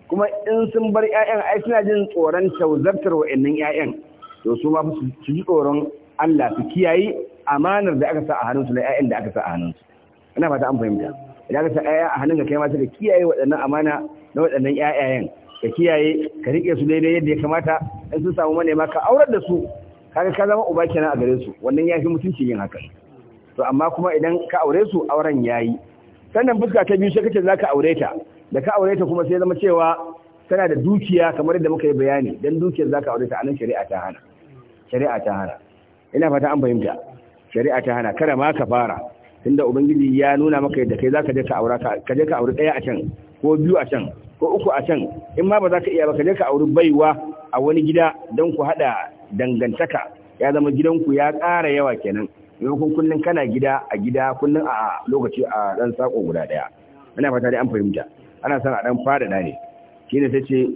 kuma in sun bar 'ya'yan ai suna jin tsoron tauzartar wa'annan 'ya'yan, to su ma su ji tsoron Allah su kiyaye amanar da aka sa a hannunsu na ƴaƴan da aka sa a hannunsu ina ba ta an fahimta idan ka sa ƴaƴa a ka kai ma sai ka kiyaye waɗannan amana na waɗannan ƴaƴayen ka kiyaye ka rike su daidai yadda ya kamata in sun samu manema ka aurar da su kaga ka zama uba kenan a gare su wannan yafi mutunci yin haka to amma kuma idan ka aure su auren yayi sannan fuska ta biyu sai kace zaka aure ta da ka aure ta kuma sai zama cewa tana da dukiya kamar yadda muka yi bayani dan dukiyar zaka aure ta a nan shari'a ta hana shari'a ta hana ina fata an fahimta shari'a ta hana kada ma ka fara tunda ubangiji ya nuna maka yadda kai zaka je ka aura ka je ka aure daya a can ko biyu a can ko uku a can in ma ba za ka iya ba ka je ka auri baiwa a wani gida don ku hada dangantaka ya zama gidanku ya ƙara yawa kenan maimakon kullum kana gida a gida kullum a lokaci a ɗan sako guda ɗaya ana fata dai an fahimta ana son a ɗan faɗaɗa ne shi ne ta ce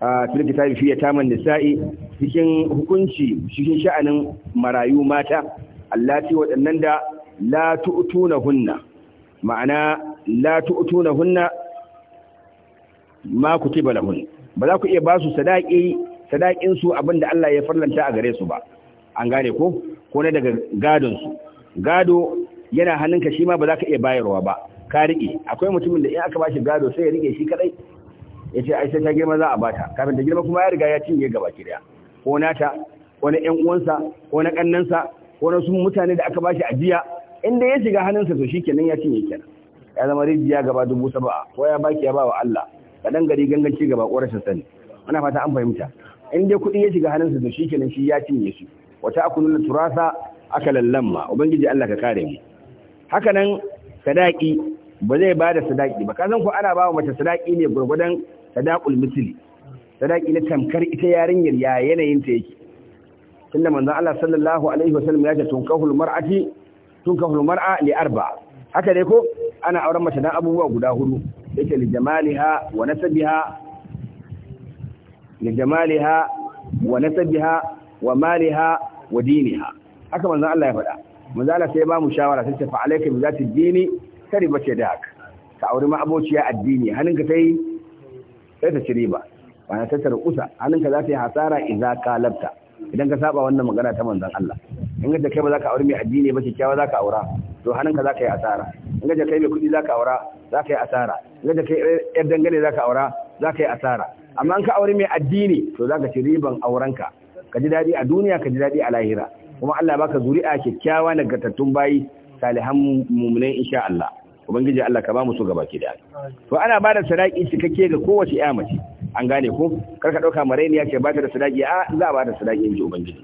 a ta fiye taman nisa'i cikin hukunci cikin sha'anin marayu mata allati waɗannan da la hunna, ma'ana la hunna ma bala lahun ba za ku iya ba su sadaki sadakin su abinda Allah ya farlanta a gare su ba an gane ko ko na daga gadon su gado yana hannunka shi ma ba za ka iya bayarwa ba ka rike akwai mutumin da in aka bashi gado sai ya rike shi kadai ya ce ai sai ta girma za a ba ta, kafin ta girma kuma ya riga ya cinye gaba kiriya ko nata ko na ƴan uwansa ko na ƙannansa ko na sun mutane da aka bashi ajiya inda ya shiga hannunsa to shikenan ya cinye kenan ya zama rijiya gaba dubu saba ko ya baki ya bawa wa Allah kadan gari ganganci gaba ƙorashin sani ana fata an fahimta in dai kuɗi ya shiga hannunsa to shikenan shi ya cinye su wata nuna turasa aka lallamma ubangiji Allah ka kare mu haka nan sadaki ba zai bada sadaki ba kazan ko ana ba wa mace sadaki ne gurgudan sadaqul misli sadaki na tamkar ita yarinyar ya yanayin ta yake tunda manzon Allah sallallahu alaihi wasallam ya ce tunkahul mar'ati tun ka mar'a li arba haka dai ko ana auren mace dan abubuwa guda hudu yake li jamaliha wa nasabiha jamaliha wa nasabiha wa maliha wa diniha haka manzan Allah ya faɗa manzon Allah sai ba mu shawara sai fa alayka bi zati dini kari ce da haka ka auri ma abociya addini hannunka sai sai ta ci riba ba na tattara kusa hannunka za ta yi hasara ka labta. idan ka saba wannan magana ta manzon Allah in ga kai ba za ka aure mai addini ba kyakkyawa za ka aura to hannunka za ka yi asara in ga kai mai kuɗi za ka aura za ka yi asara in ga kai yar dangane za ka aura za ka yi asara amma in ka aure mai addini to za ka ci riban auren ka ji daɗi a duniya ka ji daɗi a lahira kuma Allah baka zuri'a kyakkyawa nagartattun bayi salihan mu'minai insha Allah ubangiji Allah ka ba mu su gaba ki da to ana ba da sadaki cikakke ga kowace ya mace an gane ko karka dauka maraini ya ce ba ta da sadaki a za a ba da sadaki inji ubangiji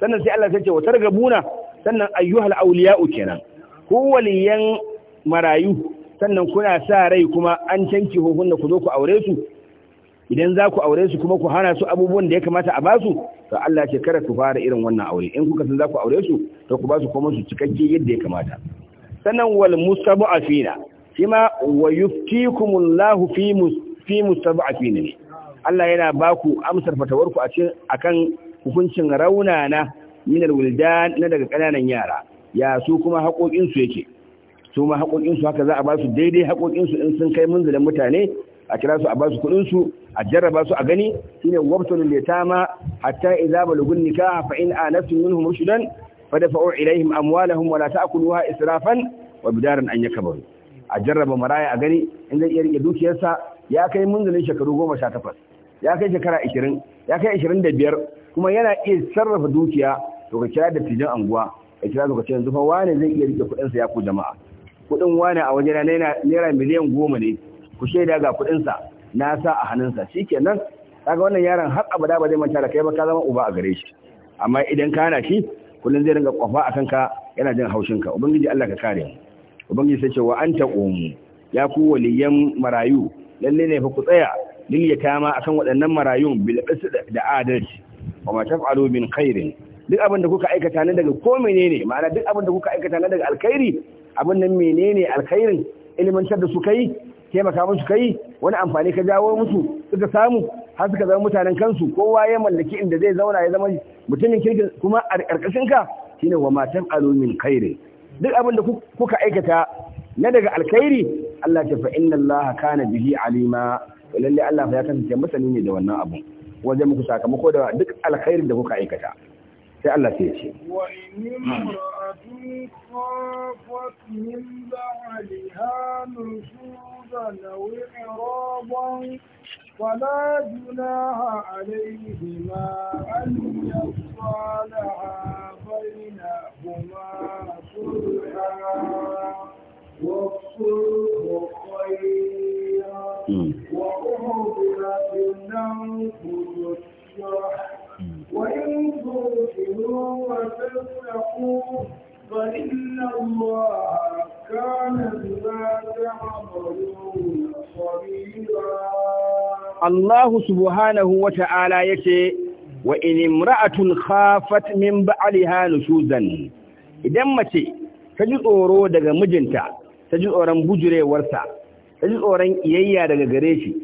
sannan sai Allah ya ce wa targabuna sannan ayyuhal awliya kenan ku waliyan marayu sannan kuna sa rai kuma an canki hukunna ku zo ku aure su idan za ku aure su kuma ku hana su abubuwan da ya kamata a basu to Allah ce kada ku fara irin wannan aure in kuka san za ku aure su to ku basu su kuma su cikakke yadda ya kamata Sanan wal Afina shi ma wa yuftikumullahu fi fi mustad'afina ne Allah yana ba ku amsar fatawarku a cikin akan hukuncin raunana min alwildan na daga kananan yara ya su kuma haƙoƙin su yake su ma haƙoƙin su haka za a ba su daidai haƙoƙin su in sun kai munzulin mutane a kira su a ba su kuɗin su a jarraba su a gani shine wabtul litama hatta idza balugun nikah fa in anastum minhum rushdan fadfa'u ilaihim amwalahum wa la ta'kuluha israfan wa bidaran an yakbaru a jarraba maraya a gani in zai iya rike dukiyarsa ya kai munzalin shekaru goma sha takwas ya kai shekara ashirin ya kai ashirin da biyar kuma yana iya sarrafa dukiya to ka kira da tijan anguwa ka kira ka ce yanzu fa wane zai iya rike kuɗinsa ya ku jama'a kuɗin wane a wajen naira miliyan goma ne ku shaida ga kuɗinsa na sa a hannunsa shikenan kaga wannan yaron har abada ba zai manta da kai ba ka zama uba a gare shi amma idan ka hana shi kullum zai ringa kwafa a kanka yana jin haushinka ubangiji Allah ka kare ubangiji sai ce wa anta umu ya ku waliyan marayu lalle ne fa ku tsaya lil yatama akan waɗannan marayun bil da adalci wa ma taf'alu min khairin duk abinda da kuka aikata nan daga ko menene ma'ana duk abin da kuka aikata nan daga alkhairi abin nan menene alkhairin ilimantar da su kai taimaka musu kai wani amfani ka jawo musu suka samu har suka zama mutanen kansu kowa ya mallaki inda zai zauna ya zama mutumin kirkin kuma a ƙarƙashin ka shine wa matan alumin kairi, duk abin da kuka aikata na daga al'kairi? Allah ta fa inna Allah kana bihi alima lalle Allah ya kasance masani ne da wannan abu wajen muku sakamako da duk alkhairin da kuka aikata sai Allah sai ya ce من بعلها نشوزا أو إعراضا عليهما أن يصالحا بينهما صلحا والصلح خير وأحضرت النفس الشح Allahu subhanahu wa ta’ala ya ce, Wa inim ra’atun khafat min ba’ali hannu shuzan, idan mace ta ji tsoro daga mijinta, ta ji tsoron bujirewarsa, ta ji tsoron iyayya daga gare shi,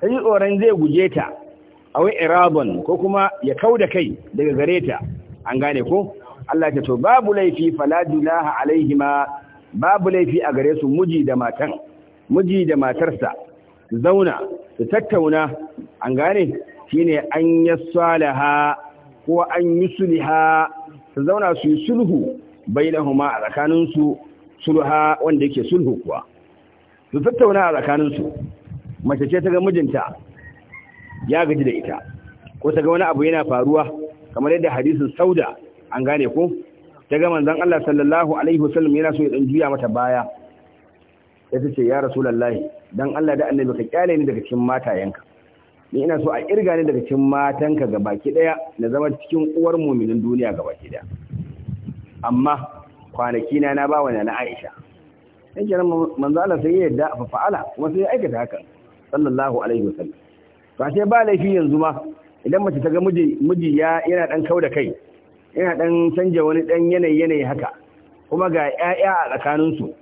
ta ji tsoron zai guje ta, aw irabon ko kuma ya kau da kai daga gare ta, an gane ko Allah ya to babu laifi fala dunaha alaihima babu laifi a gare su miji da matan miji da matarsa zauna su tattauna an gane shine an yasalaha ko an yusliha su zauna su yi sulhu bainahuma a tsakanin su sulha wanda yake sulhu kuwa su tattauna a tsakanin su mace ce ta ga mijinta ya gaji da ita ko ta ga wani abu yana faruwa kamar yadda hadisin sauda an gane ko ta ga manzon Allah sallallahu alaihi wasallam yana so ya dan juya mata baya sai ta ce ya rasulullahi dan Allah da annabi ka kyale ni daga cikin matayenka ni ina so a kirga ni daga cikin matanka ga baki daya na zama cikin uwar mu'minin duniya ga baki daya amma kwanaki na na bawa na Aisha sai kenan manzo Allah sai ya yadda fa fa'ala kuma sai ya aikata haka sallallahu alaihi wasallam ba sai ba laifi yanzu ma idan mace ta ga miji miji ya yana dan kauda kai yana dan canja wani dan yanayi yanayi haka kuma ga 'ya'ya a tsakanin su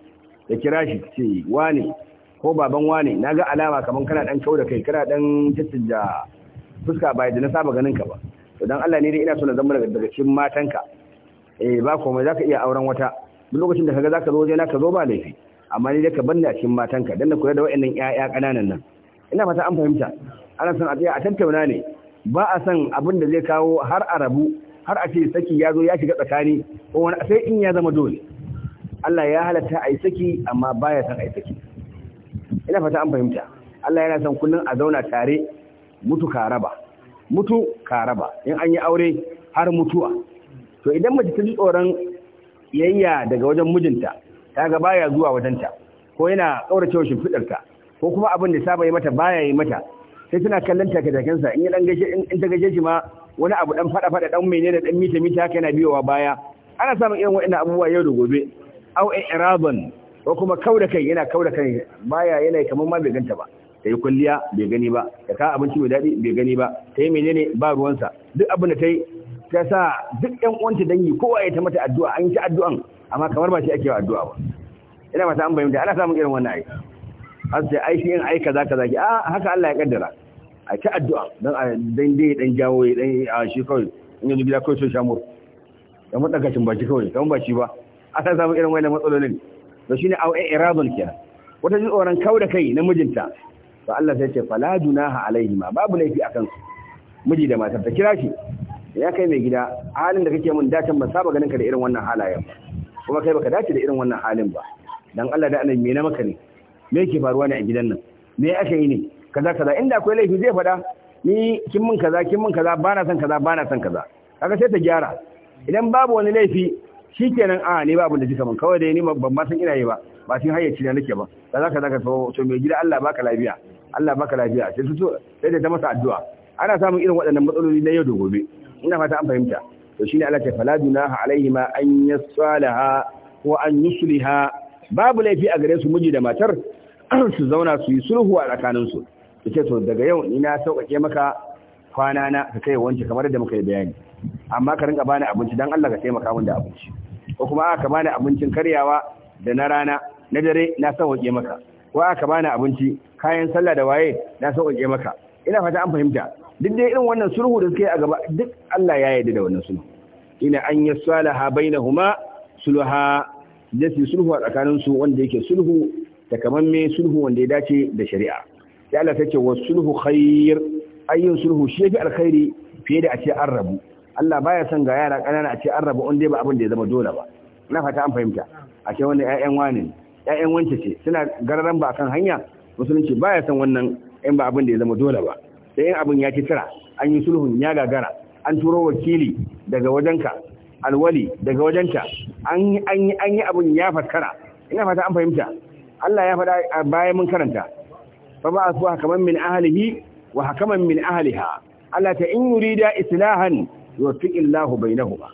da kira shi ce wane ko baban wane naga alama kaman kana dan kauda kai kana dan tattaja fuska ba da na saba ganin ka ba to dan Allah ne dai ina so na zama daga cikin matanka eh ba komai zaka iya auren wata duk lokacin da kaga zaka zo je na ka zo ba laifi amma ni dai ka banna cikin matanka dan da koyar da waɗannan 'ya'ya ƙananan nan ina fata an fahimta ana son a tsaya a tattauna ne ba a san abin da zai kawo har a rabu har a ce saki ya zo ya shiga tsakani ko wani sai in ya zama dole Allah ya halatta a yi saki amma ba ya son a yi saki ina fata an fahimta Allah yana son kullum a zauna tare mutu ka raba mutu ka raba in an yi aure har mutuwa to idan mace ta ji tsoron yayya daga wajen mijinta ta ga baya zuwa wajenta ko yana kauracewa shimfidarta ko kuma abin da saba yi mata baya yi mata sai suna kallon takatakensa in dan gaje in ta gaje shi ma wani abu dan fada fada dan menene dan mita mita haka yana biyowa baya ana samun irin waɗannan abubuwa yau da gobe au i'raban ko kuma kauda kai yana kauda kai baya yana kamar ma bai ganta ba ta yi kulliya bai gani ba ta ka abinci mai daɗi bai gani ba ta yi menene ba ruwansa duk abin da ta yi ta sa duk ƴan uwanta dangi kowa ya ta mata addu'a an yi ta addu'an amma kamar ba shi ake addu'a ba ina mata an bayyana ana samun irin wannan ai har sai ai in ai kaza kaza ki a ah, haka Allah ya kaddara a ci addu'a dan dan dai dan jawo dan a ah, shi kawai in yanzu gida kawai sai shamur Ya mun daga cin baki kawai dan ba shi ba aka samu irin wannan matsalolin to shine au eh, iradun ki? wata ji tsoron kau da kai na mijinta to Allah sai ce fala alaihi ma. babu laifi akan su miji da matar ta kira shi ya kai mai gida halin da kake mun dacin ba saba ganin ka da irin wannan halayen ba kuma kai baka dace da irin wannan halin ba dan Allah da annabi me na maka ne me yake faruwa ne a gidan nan me aka yi ne kaza kaza inda akwai laifi zai faɗa ni kin mun kaza kin mun kaza bana son kaza bana son kaza kaga sai ta gyara idan babu wani laifi shikenan a ah, ne babu da kika mun kawai dai ni ban ma san ina yi ba ba cikin hayyaci na nake ba kaza kaza ka so to mai gida Allah baka lafiya Allah baka lafiya sai su sai da ta masa addu'a ana samun irin waɗannan matsaloli na yau da gobe ina fata an fahimta to shine Allah ta fala dunaha alaihima an yasalaha ko an yusliha babu laifi a gare su miji da matar su zauna su yi sulhu a tsakaninsu su ce to daga yau ni na sauƙaƙe maka kwana na ka kai wanke kamar da muka yi bayani amma ka rinka bani abinci dan Allah ka taimaka min da abinci ko kuma aka bani abincin karyawa da na rana na dare na sauƙaƙe maka ko aka bani abinci kayan sallah da waye na sauƙaƙe maka ina fata an fahimta duk dai irin wannan sulhu da suka yi a gaba duk Allah ya yarda da wannan sulhu ina an yasalaha bainahuma sulha da su sulhu a tsakaninsu wanda yake sulhu takamamme sulhu wanda ya dace da shari'a sai Allah ta ce wa sulhu khair ayyun sulhu shi yafi alkhairi fiye da a ce an rabu Allah baya son ga yara ƙanana a ce an rabu inda ba abin da ya zama dole ba ina fata an fahimta a ce wannan ƴaƴan wani ƴaƴan wance ce suna gararan ba akan hanya musulunci baya son wannan in ba abin da ya zama dole ba sai in abin ya ci tira an yi sulhun ya gagara an turo wakili daga wajenka alwali daga wajenta an yi abin ya faskara ina fata an fahimta Allah ya faɗa bayan mun karanta fa ba su hakaman min ahlihi wa hakaman min ahliha Allah ta in yurida islahan yuwaffiqillahu bainahuma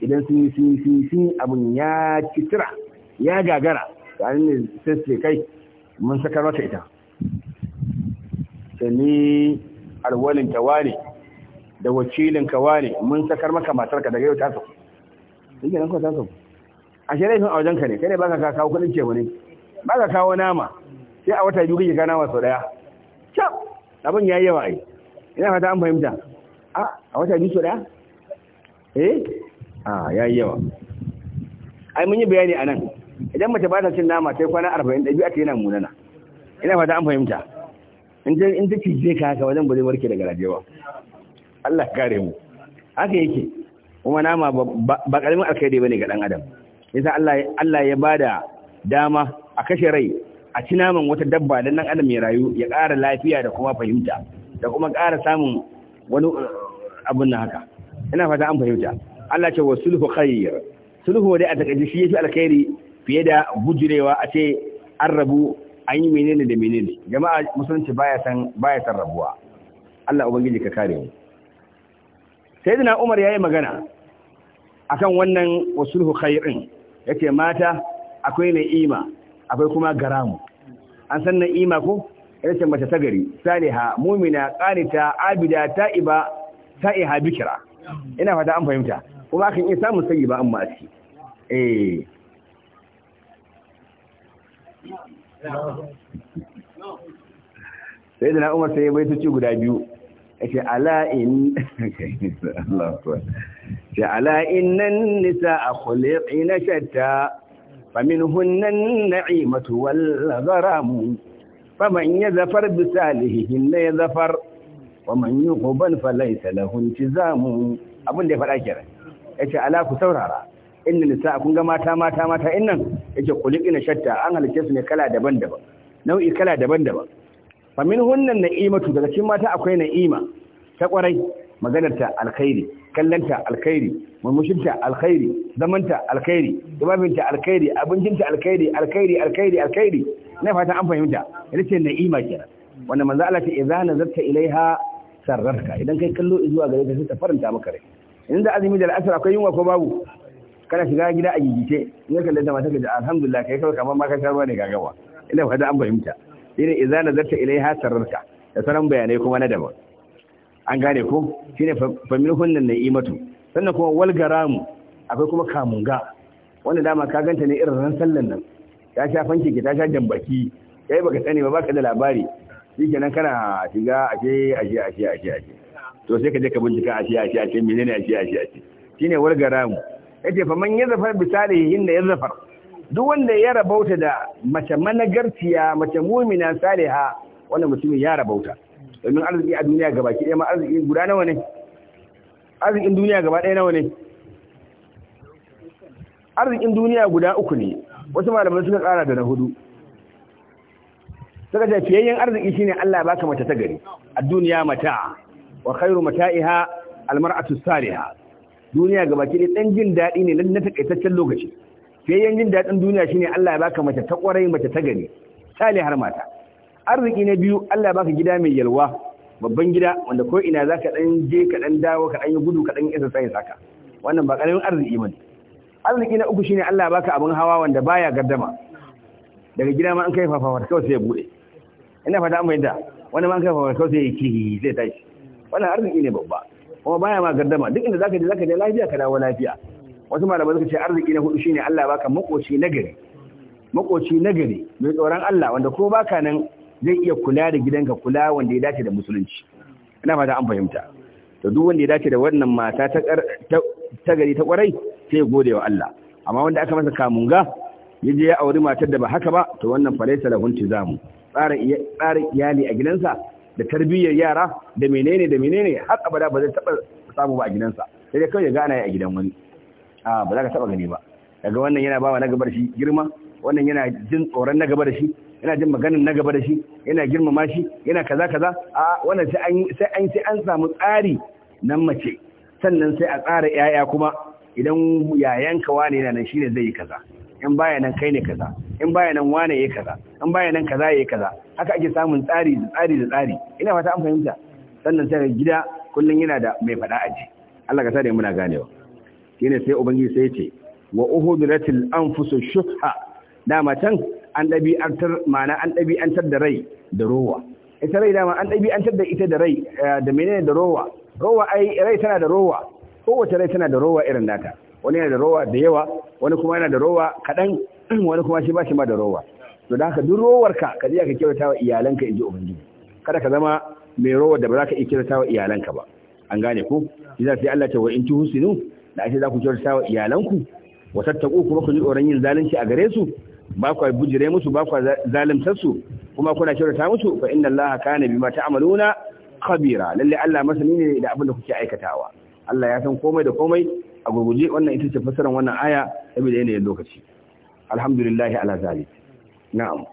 idan sun yi sun yi sun yi sun abun ya kitira ya gagara tare ne sai sai kai mun saka maka ita sai ni alwalin wane, da wakilin wane, mun sakar maka matarka daga yau ta sauku. Ike nan ko ta sauku. A shirin a wajenka ne, kai ne baka kawo kudin ce wani. ba ka kawo nama sai a wata biyu kake ka nama sau daya cap abin ya yi yawa ina fata an fahimta a a wata biyu sau daya eh a ya yi yawa ai mun yi bayani a nan idan mace ba ta cin nama sai kwana arba'in ɗabi a yana munana ina fata an fahimta in ta cije ka haka wajen ba zai warke daga rajewa Allah kare mu haka yake kuma nama ba ƙaramin alkhairi bane ga ɗan adam yasa Allah ya bada dama a kashe rai a ci naman wata dabba don nan adam ya rayu ya ƙara lafiya da kuma fahimta da kuma ƙara samun wani eh, abin na haka ina fata an fahimta Allah ce wa sulhu khair sulhu dai a takaice shi yafi alkhairi fiye da gujurewa a ce an rabu an yi menene da menene jama'a musulunci baya san baya san rabuwa Allah ubangiji ka kare mu sayyidina Umar yayi magana akan wannan wa sulhu khairin yace mata akwai ima. akwai kuma garamu an san na'ima ko ita ce mace ta gari saliha mumina qanita abida ta'iba ta'iha bikira ina fata an fahimta kuma kan iya samun sayi ba amma a eh sai da umar sai bai tuci guda biyu yake ala in Allahu akbar ya ala innan nisa akhliqina shatta فمنهن النعيمة والغرام فمن يزفر بسالههن يزفر ومن يقبل فليس له انتزام abin da ya faɗa kenan yace ala ku saurara inna nisa kun ga mata mata mata innan yace kulikina shatta an halice su ne kala daban-daban nau'i kala daban-daban fa min hunnan na'imatu daga cikin mata akwai na'ima ta kwarai maganar ta alkhairi kallanta alkhairi murmushinta alkhairi zamanta alkhairi dubabinta alkhairi abincinta alkhairi alkhairi alkhairi alkhairi na fata an fahimta ita ce na'ima kenan wanda manzo Allah ce idza nazarta ilaiha sarrarka idan kai kallo zuwa gare ka sai ta faranta maka rai idan da azumi da al'asar akwai yunwa ko babu kana shiga gida a gigice in ka kalle ta mata ka ji alhamdulillah kai kawai kamar ma ka sharwa ne gagawa ina fata an fahimta ina idza nazarta ilaiha sarrarka da sanan bayanai kuma na daban an gane ko Shi ne famin hunnan imatu sannan kuma Walgaramu, akwai kuma kamunga wanda dama ka ganta ne irin ran sallan nan ta sha fanki ki ta sha jambaki kai baka sani ba baka da labari shikenan kana shiga ashe ashe ashe ashe ashe to sai ka je ka bincika ashe ashe ashe menene ashe ashe ashe shine Walgaramu. garamu yace fa man yazafar bisalihin da yazafar duk wanda ya rabauta da mace managarciya mace mu'mina saliha wannan mutumin ya rabauta domin arziki a duniya gaba ki ɗaya ma arziki guda nawa ne arzikin duniya gaba ɗaya nawa ne arzikin duniya guda uku ne wasu malamai suka ƙara da na hudu suka ce fiyayyen arziki shine Allah baka mace ta gari a duniya mata wa khairu mata'iha almar'atu salihah duniya gaba ki ɗaya ɗan jin daɗi ne na takaitaccen lokaci fiyayyen jin daɗin duniya shine Allah ya baka mace ta ƙwarai mace ta gari salihar mata arziki na biyu Allah baka gida mai yalwa babban gida wanda ko ina zaka dan je ka dan dawo ka dan yi gudu ka dan isa sai saka wannan ba karamin arziki bane arziki na uku shine Allah baka abun hawa wanda baya gardama daga gida ma an kai fafawar kawai sai ya bude ina fata an yadda wani ma an kai fafawar kawai sai ya kihi sai tashi wannan arziki ne babba kuma baya ma gardama duk inda zaka je zaka je lafiya ka dawo lafiya wasu malamai suka ce arziki na hudu shine Allah baka makoci nagari makoci nagari mai tsoron Allah wanda ko baka nan zai iya kula da gidanka kula wanda ya dace da musulunci ina fata an fahimta to duk wanda ya dace da wannan mata ta ta gari ta kwarai sai ya gode Allah amma wanda aka masa kamunga yaje ya auri matar da ba haka ba to wannan falaisa lahun tizamu tsarin tsarin iyali a gidansa da tarbiyyar yara da menene da menene har abada ba zai taba samu ba a gidansa sai dai kawai ya gana a gidan wani a ba za ka taba gani ba daga wannan yana bawa na gabar shi girma wannan yana jin tsoron na gaba da shi yana jin maganin na gaba da shi yana girmama shi yana kaza kaza a wannan sai an sai an sai an samu tsari nan mace sannan sai a tsara yaya kuma idan yayanka wane yana nan shine zai yi kaza in baya nan kai ne kaza in baya nan wane yayi kaza in baya nan kaza yayi kaza haka ake samun tsari da tsari da tsari ina fata an fahimta sannan sai gida kullun yana da mai fada aji Allah ka sani muna ganewa shine sai ubangiji sai ya ce wa uhudratil anfusu shuha da matan. an ɗabi'antar ma'ana an ɗabi'antar da rai da rowa ita rai dama an ɗabi'antar da ita da rai eh, da menene da rowa rowa ai rai tana da rowa kowace rai tana da rowa irin nata wani yana da rowa da yawa wani kuma yana da rowa kaɗan wani kuma shi ba shi ma da rowa to da haka duk rowarka ka je ka kyautata wa iyalanka in ji ubangiji kada ka zama mai rowar da ba za ka iya kyautata wa iyalanka ba an gane ku shi za sai Allah ta wa in husinu da ake za ku kyautata wa iyalanku wa tattaku kuma ku ji tsoron yin zalunci a gare su ba kwa bujire musu ba kwa zalimtar su kuma kuna kyautata musu fa inna Allah kana bima ta'maluna khabira lalle Allah masani ne da abin da kuke aikatawa Allah ya san komai da komai a gurguje wannan ita ce fasaran wannan aya saboda yanayin lokaci alhamdulillah ala zalik na'am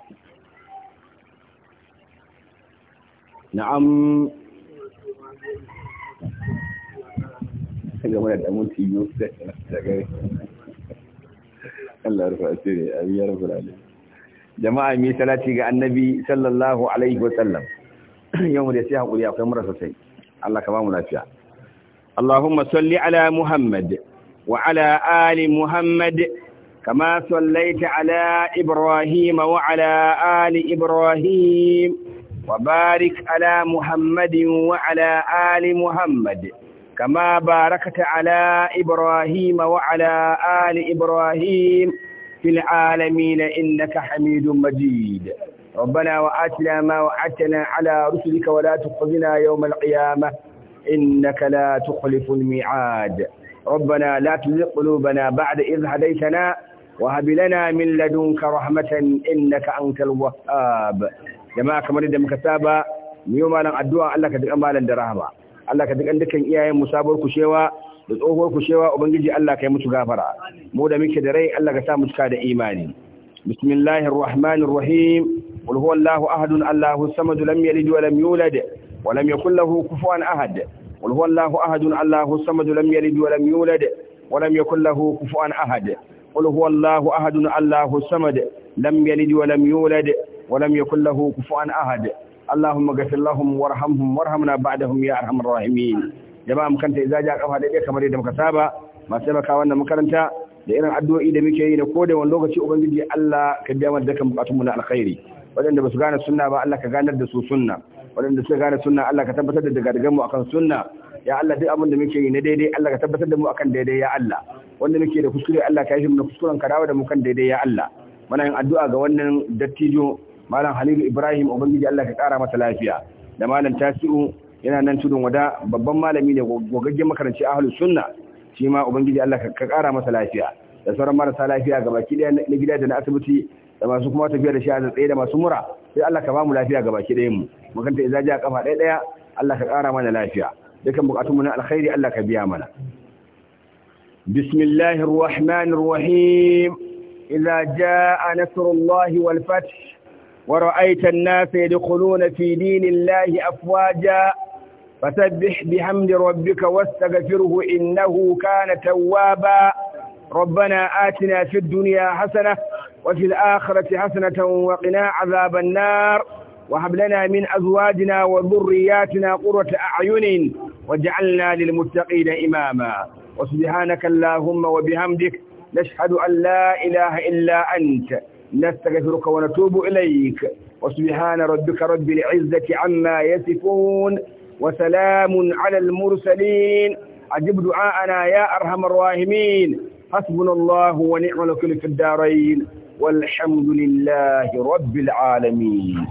na'am game da damun tiyo da gari Allah rufa asiri amin ya rabbal alamin jama'a mi salati ga annabi sallallahu alaihi wa wasallam yau da sai haƙuri akwai mura sosai Allah ka ba mu lafiya Allahumma salli ala Muhammad wa ala ali Muhammad kama sallaita ala Ibrahim wa ala ali Ibrahim wa barik ala Muhammadin wa ala ali Muhammad كما باركت على إبراهيم وعلى آل إبراهيم في العالمين إنك حميد مجيد ربنا وآتنا ما وعدتنا على رسلك ولا تخزنا يوم القيامة إنك لا تخلف الميعاد ربنا لا تزغ قلوبنا بعد إذ هديتنا وهب لنا من لدنك رحمة إنك أنت الوهاب جماعة كما من مكتابة يوم أن أدعو الله كتب أمالا درهما Allah ka dukan dukkan iyayen mu sabuwar kushewa da tsohuwar kushewa ubangiji Allah ka yi musu gafara mu da muke da rai Allah ka sa mu cika da imani bismillahir rahmanir rahim qul huwallahu allahus samad lam yalid wa lam yulad wa lam yakul lahu kufuwan ahad qul huwallahu allahus samad lam yalid wa lam yulad wa lam yakul lahu kufuwan ahad اللهم اغفر لهم وارحمهم وارحمنا بعدهم يا ارحم الراحمين jama'a mu kanta idan ja kafa daidai kamar yadda muka saba masu taimaka wannan makaranta da irin addu'o'i da muke yi da ko da wani lokaci ubangiji Allah ka biya mana dukkan bukatun mu na alkhairi wadanda ba su gane sunna ba Allah ka ganar da su sunna wadanda suka gane sunna Allah ka tabbatar da dagadagan mu akan sunna ya Allah duk abin da muke yi na daidai Allah ka tabbatar da mu akan daidai ya Allah wanda muke da kuskure Allah ka yi mu na kuskuren ka dawo da mu kan daidai ya Allah muna yin addu'a ga wannan dattijo malam halilu ibrahim ubangiji allah ka kara masa lafiya da malam tasiru yana nan tudun wada babban malami ne gogaggen makaranci ahlu sunna shi ma ubangiji allah ka kara masa lafiya da sauran marasa lafiya gabaki daya na gida da na asibiti da masu kuma tafiya da shi a tsaye da masu mura sai Allah ka ba mu lafiya gabaki daya mu makanta idza ja kafa daya daya Allah ka kara mana lafiya dukan bukatun mu na alkhairi Allah ka biya mana bismillahir rahmanir rahim idza jaa nasrullahi wal fath ورأيت الناس يدخلون في دين الله أفواجا فسبح بحمد ربك واستغفره إنه كان توابا ربنا آتنا في الدنيا حسنة وفي الآخرة حسنة وقنا عذاب النار وهب لنا من أزواجنا وذرياتنا قرة أعين واجعلنا للمتقين إماما وسبحانك اللهم وبحمدك نشهد أن لا إله إلا أنت نستغفرك ونتوب إليك وسبحان ربك رب العزة عما يصفون وسلام على المرسلين أجب دعاءنا يا أرحم الراحمين حسبنا الله ونعم الوكيل في الدارين والحمد لله رب العالمين